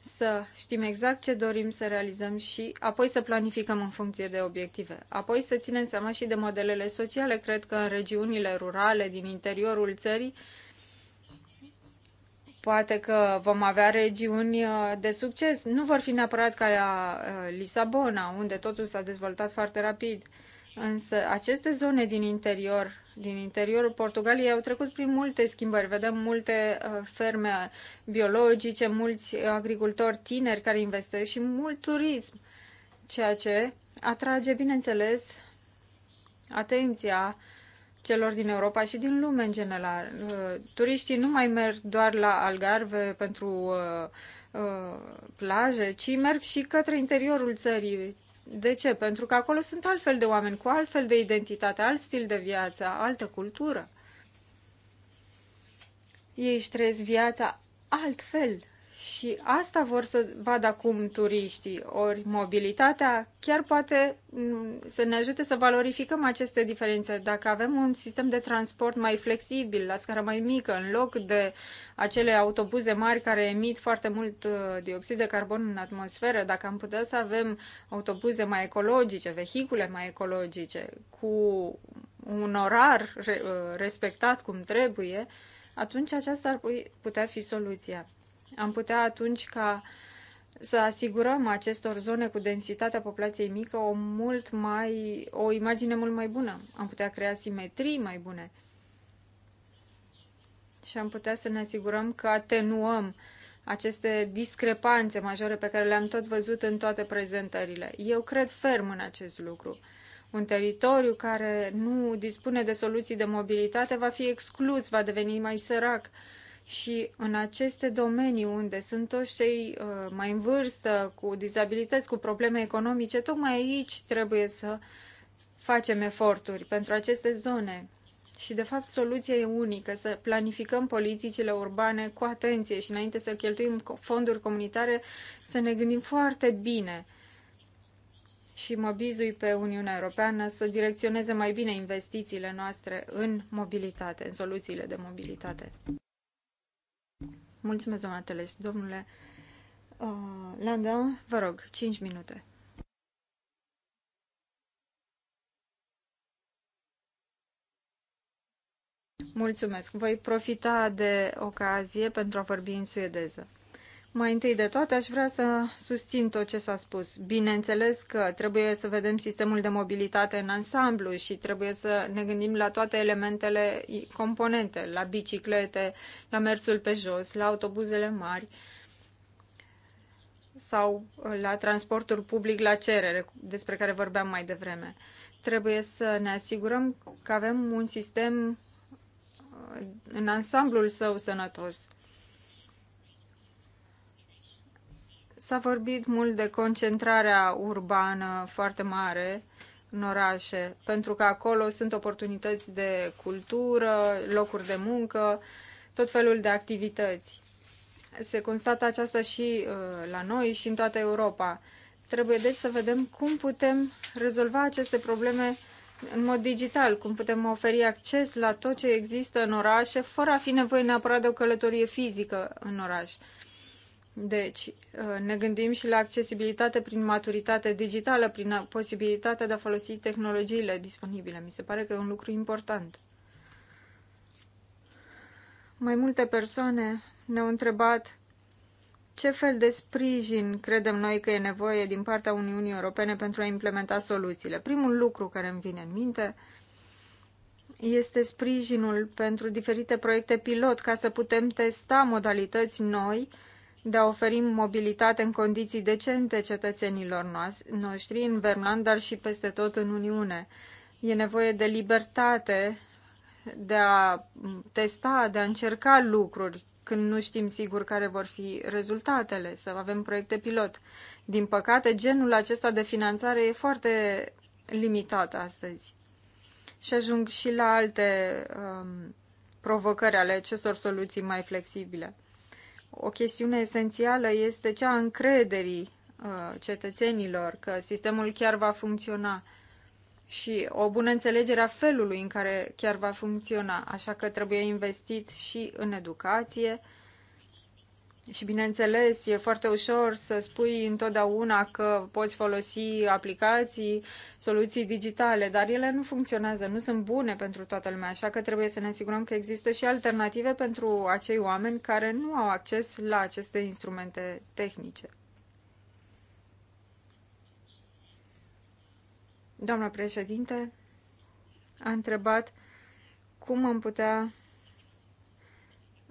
să știm exact ce dorim să realizăm și apoi să planificăm în funcție de obiective. Apoi să ținem seama și de modelele sociale. Cred că în regiunile rurale din interiorul țării poate că vom avea regiuni uh, de succes. Nu vor fi neapărat ca la uh, Lisabona, unde totul s-a dezvoltat foarte rapid. Însă aceste zone din interior, din interiorul Portugaliei, au trecut prin multe schimbări. Vedem multe uh, ferme biologice, mulți agricultori tineri care investesc și mult turism, ceea ce atrage, bineînțeles, atenția celor din Europa și din lume în general. Uh, turiștii nu mai merg doar la Algarve pentru uh, plaje, ci merg și către interiorul țării, de ce? Pentru că acolo sunt altfel de oameni, cu altfel de identitate, alt stil de viață, altă cultură. Ei își trăiesc viața altfel și asta vor să vadă acum turiștii, ori mobilitatea chiar poate mm, să ne ajute să valorificăm aceste diferențe. Dacă avem un sistem de transport mai flexibil, la scară mai mică, în loc de acele autobuze mari care emit foarte mult uh, dioxid de carbon în atmosferă, dacă am putea să avem autobuze mai ecologice, vehicule mai ecologice, cu un orar uh, respectat cum trebuie, atunci aceasta ar putea fi soluția. Am putea atunci ca să asigurăm acestor zone cu densitatea populației mică o, mult mai, o imagine mult mai bună. Am putea crea simetrii mai bune. Și am putea să ne asigurăm că atenuăm aceste discrepanțe majore pe care le-am tot văzut în toate prezentările. Eu cred ferm în acest lucru. Un teritoriu care nu dispune de soluții de mobilitate va fi exclus, va deveni mai sărac și în aceste domenii unde sunt toți cei uh, mai în vârstă, cu dizabilități, cu probleme economice, tocmai aici trebuie să facem eforturi pentru aceste zone. Și, de fapt, soluția e unică, să planificăm politicile urbane cu atenție și înainte să cheltuim fonduri comunitare, să ne gândim foarte bine și mă bizui pe Uniunea Europeană să direcționeze mai bine investițiile noastre în mobilitate, în soluțiile de mobilitate. Mulțumesc, doamna Teles. Domnule uh, Landa, vă rog, 5 minute. Mulțumesc. Voi profita de ocazie pentru a vorbi în suedeză. Mai întâi de toate, aș vrea să susțin tot ce s-a spus. Bineînțeles că trebuie să vedem sistemul de mobilitate în ansamblu și trebuie să ne gândim la toate elementele componente, la biciclete, la mersul pe jos, la autobuzele mari sau uh, la transportul public la cerere, despre care vorbeam mai devreme. Trebuie să ne asigurăm că avem un sistem uh, în ansamblul său sănătos S-a vorbit mult de concentrarea urbană foarte mare în orașe, pentru că acolo sunt oportunități de cultură, locuri de muncă, tot felul de activități. Se constată aceasta și uh, la noi și în toată Europa. Trebuie deci să vedem cum putem rezolva aceste probleme în mod digital, cum putem oferi acces la tot ce există în orașe, fără a fi nevoie neapărat de o călătorie fizică în oraș. Deci, uh, ne gândim și la accesibilitate prin maturitate digitală, prin posibilitatea de a folosi tehnologiile disponibile. Mi se pare că e un lucru important. Mai multe persoane ne-au întrebat ce fel de sprijin credem noi că e nevoie din partea Uniunii Europene pentru a implementa soluțiile. Primul lucru care îmi vine în minte este sprijinul pentru diferite proiecte pilot ca să putem testa modalități noi uh, de a oferi mobilitate în condiții decente cetățenilor noștri în Vermland, dar și peste tot în Uniune. E nevoie de libertate de a testa, de a încerca lucruri când nu știm sigur care vor fi rezultatele, să avem proiecte pilot. Din păcate, genul acesta de finanțare e foarte limitat astăzi. Și ajung și la alte um, provocări ale acestor soluții mai flexibile o chestiune esențială este cea a încrederii uh, cetățenilor că sistemul chiar va funcționa și o bună înțelegere a felului în care chiar va funcționa. Așa că trebuie investit și în educație, și bineînțeles, e foarte ușor să spui întotdeauna că poți folosi aplicații, soluții digitale, dar ele nu funcționează, nu sunt bune pentru toată lumea, așa că trebuie să ne asigurăm că există și alternative pentru acei oameni care nu au acces la aceste instrumente tehnice. Doamna președinte a întrebat cum am putea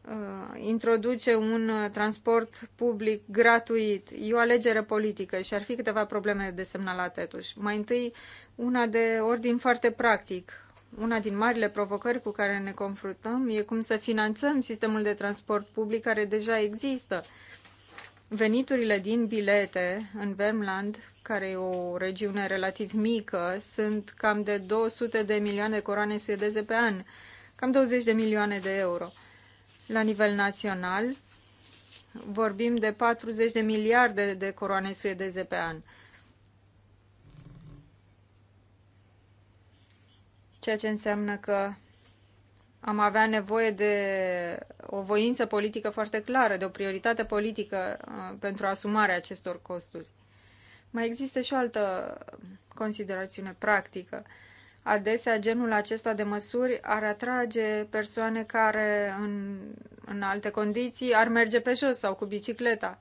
Uh, introduce un uh, transport public gratuit. E o alegere politică și ar fi câteva probleme de semnalat atunci. Mai întâi, una de ordin foarte practic. Una din marile provocări cu care ne confruntăm e cum să finanțăm sistemul de transport public care deja există. Veniturile din bilete în Vermland, care e o regiune relativ mică, sunt cam de 200 de milioane de coroane suedeze pe an, cam 20 de milioane de euro la nivel național. Vorbim de 40 de miliarde de coroane suedeze pe an. Ceea ce înseamnă că am avea nevoie de o voință politică foarte clară, de o prioritate politică uh, pentru asumarea acestor costuri. Mai există și o altă considerațiune practică. Adesea, genul acesta de măsuri ar atrage persoane care, în, în alte condiții, ar merge pe jos sau cu bicicleta.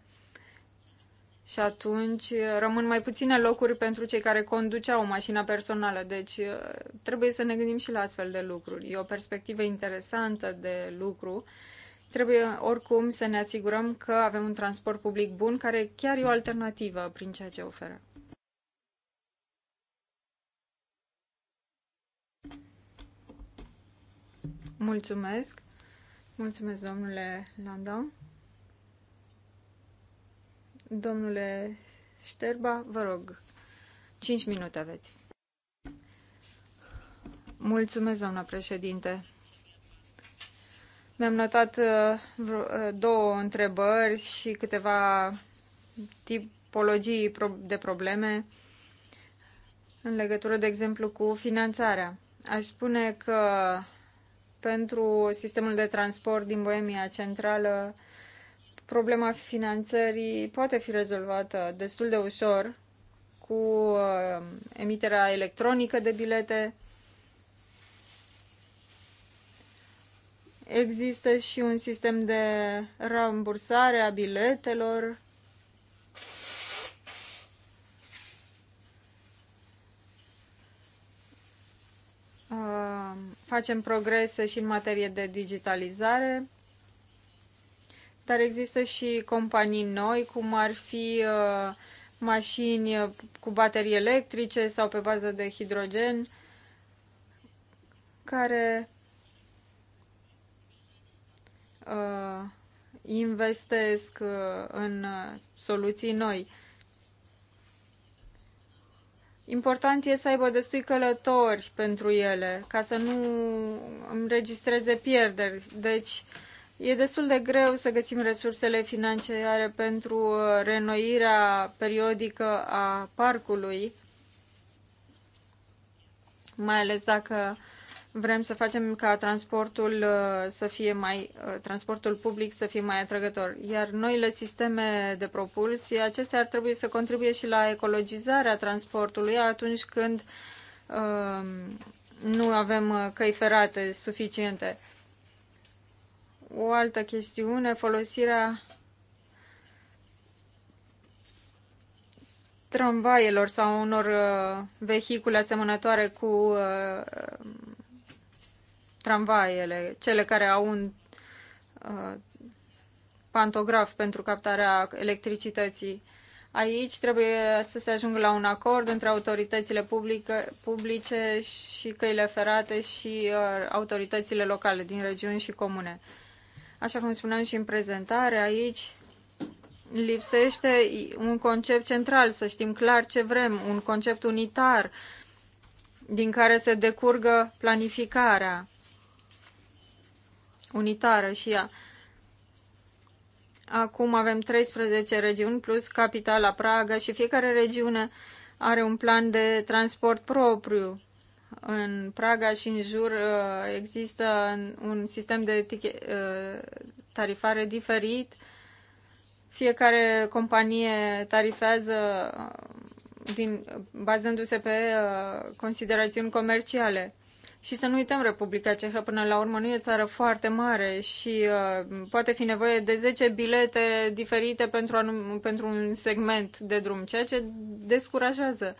Și atunci rămân mai puține locuri pentru cei care conduceau mașina personală. Deci trebuie să ne gândim și la astfel de lucruri. E o perspectivă interesantă de lucru. Trebuie oricum să ne asigurăm că avem un transport public bun, care chiar e o alternativă prin ceea ce oferă. Mulțumesc. Mulțumesc, domnule Landa. Domnule Șterba, vă rog, 5 minute aveți. Mulțumesc, doamna președinte. Mi-am notat uh, uh, două întrebări și câteva tipologii de probleme în legătură, de exemplu, cu finanțarea. Aș spune că pentru sistemul de transport din Boemia Centrală, problema finanțării poate fi rezolvată destul de ușor cu uh, emiterea electronică de bilete. Există și un sistem de rambursare a biletelor. Um, facem progrese și în materie de digitalizare, dar există și companii noi, cum ar fi uh, mașini cu baterii electrice sau pe bază de hidrogen, care uh, investesc uh, în uh, soluții noi. Important e să aibă destui călători pentru ele, ca să nu înregistreze pierderi. Deci, e destul de greu să găsim resursele financiare pentru uh, renoirea periodică a parcului, mai ales dacă Vrem să facem ca transportul uh, să fie mai uh, transportul public să fie mai atrăgător. Iar noile sisteme de propulsie, acestea ar trebui să contribuie și la ecologizarea transportului atunci când um, nu avem uh, căi ferate suficiente. O altă chestiune, folosirea tramvaielor sau unor uh, vehicule asemănătoare cu uh, tramvaiele, cele care au un uh, pantograf pentru captarea electricității. Aici trebuie să se ajungă la un acord între autoritățile publică, publice și căile ferate și uh, autoritățile locale din regiuni și comune. Așa cum spuneam și în prezentare, aici lipsește un concept central, să știm clar ce vrem, un concept unitar din care se decurgă planificarea unitară și ea. Acum avem 13 regiuni plus capitala Praga și fiecare regiune are un plan de transport propriu. În Praga și în jur uh, există un sistem de uh, tarifare diferit. Fiecare companie tarifează uh, bazându-se pe considerațiuni comerciale. Și să nu uităm, Republica Cehă până la urmă nu e țară foarte mare și uh, poate fi nevoie de 10 bilete diferite pentru, anum- pentru un segment de drum, ceea ce descurajează.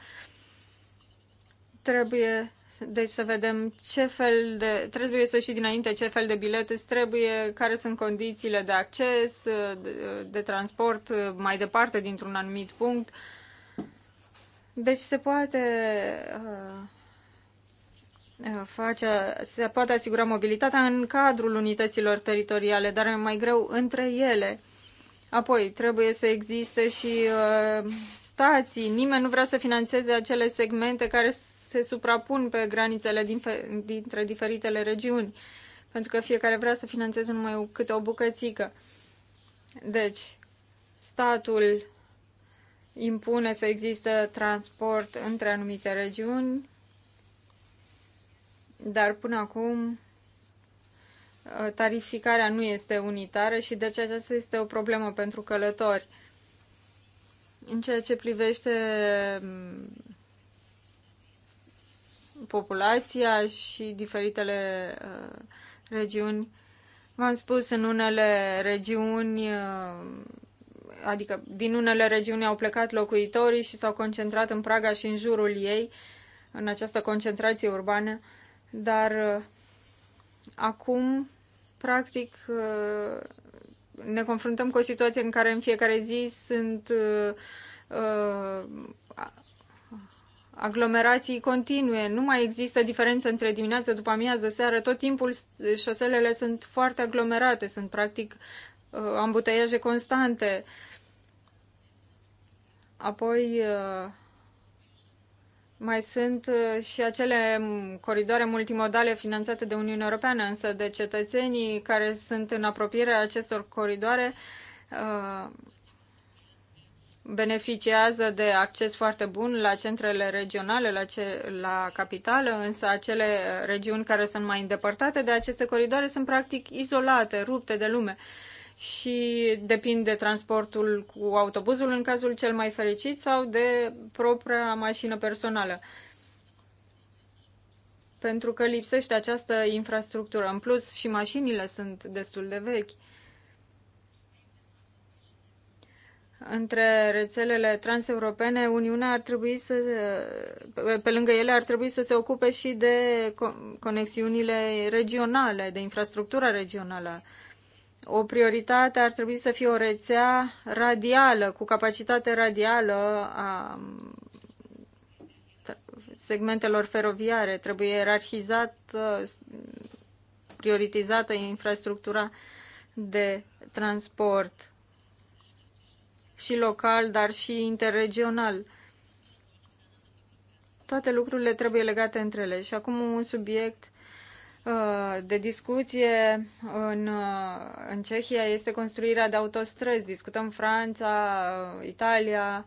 Trebuie deci să vedem ce fel de, trebuie să și dinainte ce fel de bilete îți trebuie, care sunt condițiile de acces, uh, de, de transport uh, mai departe dintr-un anumit punct. Deci se poate uh, face, se poate asigura mobilitatea în cadrul unităților teritoriale, dar e mai greu între ele. Apoi, trebuie să existe și uh, stații. Nimeni nu vrea să financeze acele segmente care se suprapun pe granițele din, dintre diferitele regiuni, pentru că fiecare vrea să financeze numai câte o bucățică. Deci, statul impune să existe transport între anumite regiuni, dar până acum uh, tarificarea nu este unitară și deci aceasta este o problemă pentru călători. În ceea ce privește mm, populația și diferitele uh, regiuni. V-am spus, în unele regiuni, uh, adică din unele regiuni au plecat locuitorii și s-au concentrat în Praga și în jurul ei, în această concentrație urbană. Uh, dar uh, acum, practic, uh, ne confruntăm cu o situație în care în fiecare zi sunt uh, aglomerații continue, nu mai există diferență între dimineață, după amiază, seară, tot timpul șoselele sunt foarte aglomerate, sunt practic ambuteiaje constante. Apoi, mai sunt uh, și acele mm, coridoare multimodale finanțate de Uniunea Europeană, însă de cetățenii care sunt în apropierea acestor coridoare uh, beneficiază de acces foarte bun la centrele regionale, la, ce, la capitală, însă acele uh, regiuni care sunt mai îndepărtate de aceste coridoare sunt practic izolate, rupte de lume. Uh, și depind de transportul cu autobuzul în cazul cel mai fericit sau de propria mașină personală. Pentru că lipsește această infrastructură. În plus și mașinile sunt destul de vechi. între rețelele transeuropene, Uniunea ar trebui să, pe lângă ele, ar trebui să se ocupe și de conexiunile regionale, de infrastructura regională o prioritate ar trebui să fie o rețea radială, cu capacitate radială a um, segmentelor feroviare. Trebuie ierarhizat, uh, prioritizată infrastructura de transport și local, dar și interregional. Toate lucrurile trebuie legate între ele. Și acum un subiect Uh, de discuție în, uh, în Cehia este construirea de autostrăzi. Discutăm Franța, uh, Italia,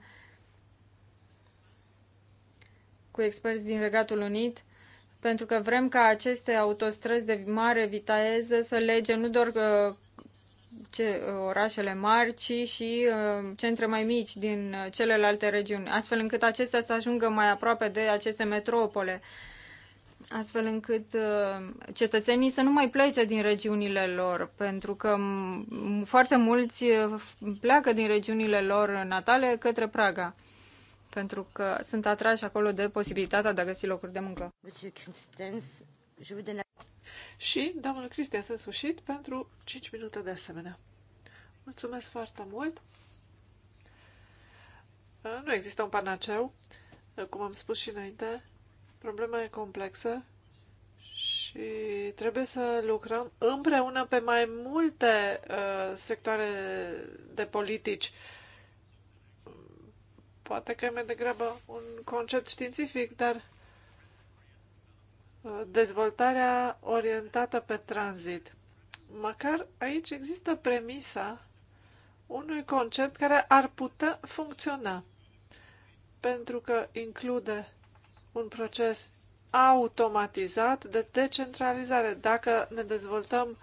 cu experți din Regatul Unit, pentru că vrem ca aceste autostrăzi de mare viteză să lege nu doar ce, orașele mari, ci și uh, centre mai mici din celelalte regiuni, astfel încât acestea să ajungă mai aproape de aceste metropole. Uh, astfel încât uh, cetățenii să nu mai plece din regiunile lor, pentru că foarte mulți uh, pleacă din regiunile lor natale către Praga, pentru că sunt atrași acolo de posibilitatea de a găsi locuri de muncă. Și domnul Cristian, să sfârșit, pentru 5 minute de asemenea. Mulțumesc foarte mult! Uh, nu există un panaceu, cum am spus și înainte, Problema e complexă și trebuie să lucrăm împreună pe mai multe uh, sectoare de politici. Poate că e mai degrabă un concept științific, dar uh, dezvoltarea orientată pe tranzit. Măcar aici există premisa unui concept care ar putea funcționa, pentru că include un proces automatizat de decentralizare. Dacă ne dezvoltăm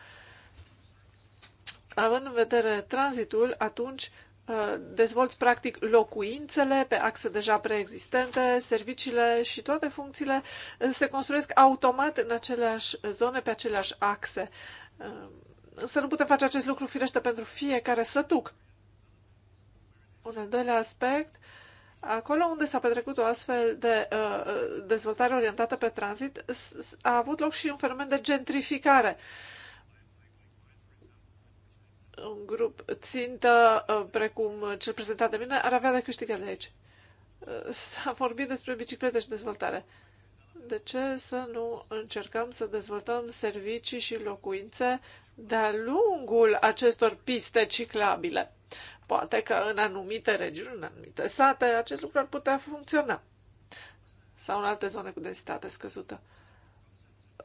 având în vedere tranzitul, atunci uh, dezvolți practic locuințele pe axe deja preexistente, serviciile și toate funcțiile uh, se construiesc automat în aceleași zone, pe aceleași axe. Însă uh, nu putem face acest lucru firește pentru fiecare sătuc. Un al doilea aspect Acolo unde s-a petrecut o astfel de uh, uh dezvoltare orientată pe tranzit, a avut loc și un fenomen de gentrificare. Un grup țintă, uh, precum cel prezentat de mine, ar avea de câștigat de aici. Uh, s-a vorbit despre biciclete și dezvoltare. De ce să nu încercăm să dezvoltăm servicii și locuințe de-a lungul acestor piste ciclabile? Poate că în anumite regiuni, în anumite sate, acest lucru ar putea funcționa. Sau în alte zone cu densitate scăzută.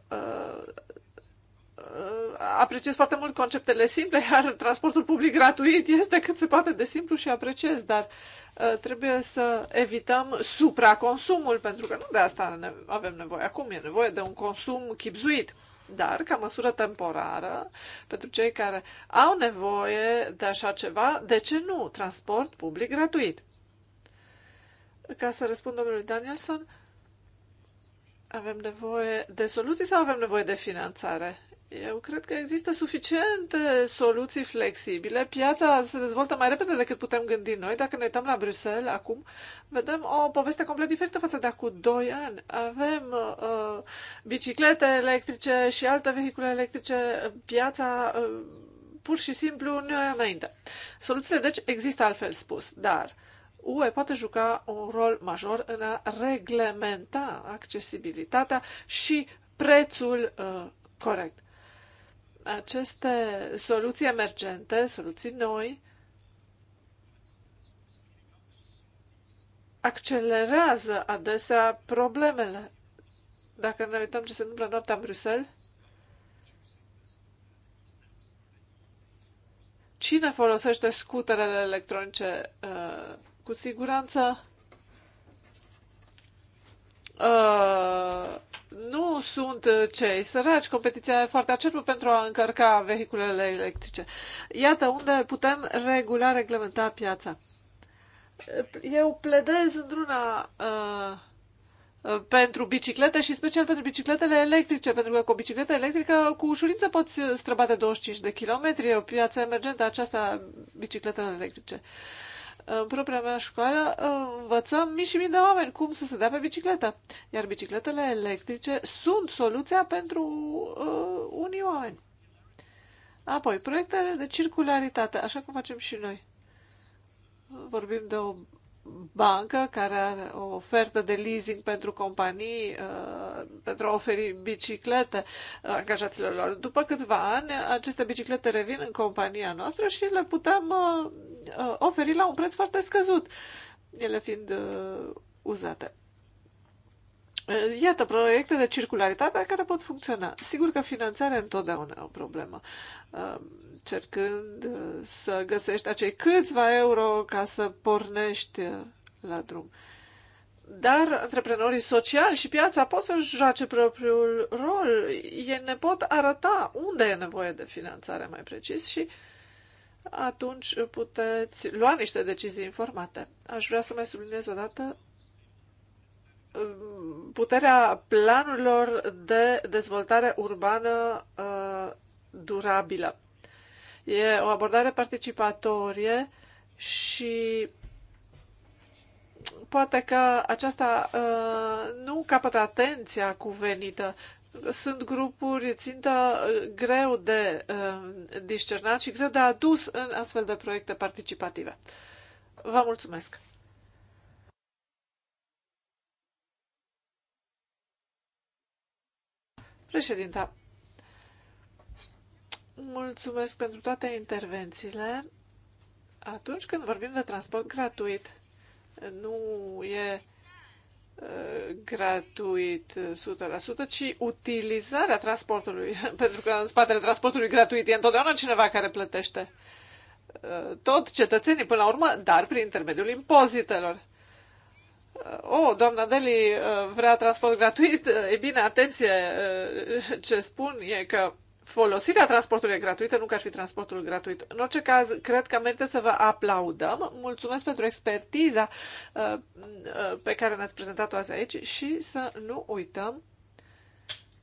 Uh, uh, apreciez foarte mult conceptele simple, iar transportul public gratuit este cât se poate de simplu și apreciez, dar uh, trebuie să evităm supraconsumul, pentru că nu de asta ne avem nevoie acum, e nevoie de un consum chipzuit. Dar, ca măsură temporară, pentru cei care au nevoie de așa ceva, de ce nu? Transport public gratuit. Ca să răspund domnului Danielson, avem nevoie de soluții sau avem nevoie de finanțare? Eu cred că există suficiente soluții flexibile. Piața se dezvoltă mai repede decât putem gândi noi. Dacă ne uităm la Bruxelles acum, vedem o poveste complet diferită față de acum 2 ani. Avem uh, uh, biciclete electrice și alte vehicule electrice. Piața uh, pur și simplu nu e înainte. Soluțiile, deci, există altfel spus, dar UE poate juca un rol major în a reglementa accesibilitatea și prețul uh, corect aceste soluții emergente, soluții noi, accelerează adesea problemele. Dacă ne uităm ce se întâmplă noaptea în Bruxelles, cine folosește scuterele electronice? Uh, cu siguranță uh, nu sunt uh, cei săraci. Competiția e foarte acerbă pentru a încărca vehiculele electrice. Iată unde putem regula, reglementa piața. Eu pledez într-una uh, uh pentru biciclete și special pentru bicicletele electrice, pentru că cu o bicicletă electrică cu ușurință poți străbate 25 de kilometri, e o piață emergentă aceasta bicicletele electrice. Uh, în propria mea școală învățăm mii și mii de oameni cum să se dea pe bicicletă. Iar bicicletele electrice sunt soluția pentru uh, unii oameni. Apoi, proiectele de circularitate, așa cum facem și noi. Vorbim de o bancă care are o ofertă de leasing pentru companii, uh, pentru a oferi biciclete uh, angajaților lor. După câțiva ani, aceste biciclete revin în compania noastră și le putem uh, oferi la un preț foarte scăzut, ele fiind uzate. Eh, iată, proiecte de circularitate care pot funcționa. Sigur că finanțarea întotdeauna e o problemă. Ehm, cercând eh, să găsești acei câțiva euro ca să pornești eh, la drum. Dar antreprenorii sociali și piața pot să joace propriul rol. Ei ne pot arăta unde e nevoie de finanțare mai precis și atunci puteți lua niște decizii informate. Aș vrea să mai subliniez o dată puterea planurilor de dezvoltare urbană uh, durabilă. E o abordare participatorie și poate că aceasta uh, nu capătă atenția cuvenită. Sunt grupuri țintă uh, greu de discernat și greu de adus în astfel de proiecte participative. Vă mulțumesc! Președinta, mulțumesc pentru toate intervențiile. Atunci când vorbim de transport gratuit, nu e uh, gratuit 100%, ci utilizarea transportului. Pentru că în spatele transportului gratuit e întotdeauna cineva care plătește. Uh, tot cetățenii, până la urmă, dar prin intermediul impozitelor oh, doamna Deli uh, vrea transport gratuit, uh, e bine, atenție, uh, ce spun e că folosirea transportului gratuit, nu că ar fi transportul gratuit. În orice caz, cred că merită să vă aplaudăm. Mulțumesc pentru expertiza pe care ne-ați prezentat-o azi aici și să nu uităm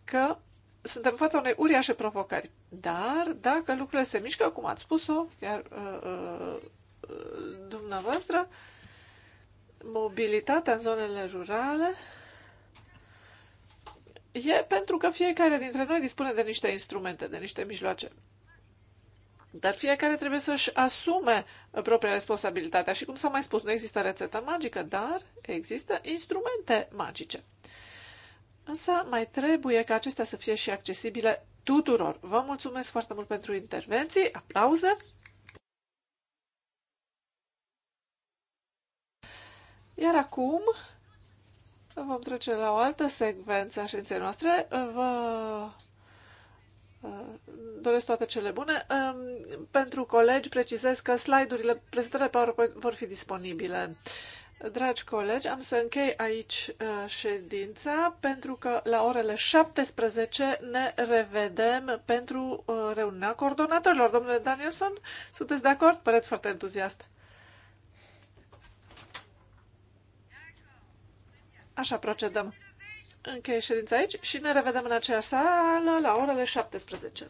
că suntem în fața unei uriașe provocări. Dar dacă lucrurile se mișcă, cum ați spus-o, chiar uh, uh, dumneavoastră, uh, mobilitatea în zonele rurale e pentru că fiecare dintre noi dispune de niște instrumente, de niște mijloace. Dar fiecare trebuie să-și asume propria responsabilitatea. Și cum s-a mai spus, nu există rețetă magică, dar există instrumente magice. Însă mai trebuie ca acestea să fie și accesibile tuturor. Vă mulțumesc foarte mult pentru intervenții, aplauze. Iar acum vom trece la o altă secvență a ședinței noastre. Vă uh, doresc toate cele bune. Um, pentru colegi Precizez că slide-urile, prezentările PowerPoint vor fi disponibile. Dragi colegi, am să închei aici uh, ședința pentru că la orele 17 ne revedem pentru uh, reuniunea coordonatorilor. Domnule Danielson, sunteți de acord? Păreți foarte entuziast. Așa procedăm. Încheie ședința aici și ne revedem în aceeași sală la orele 17.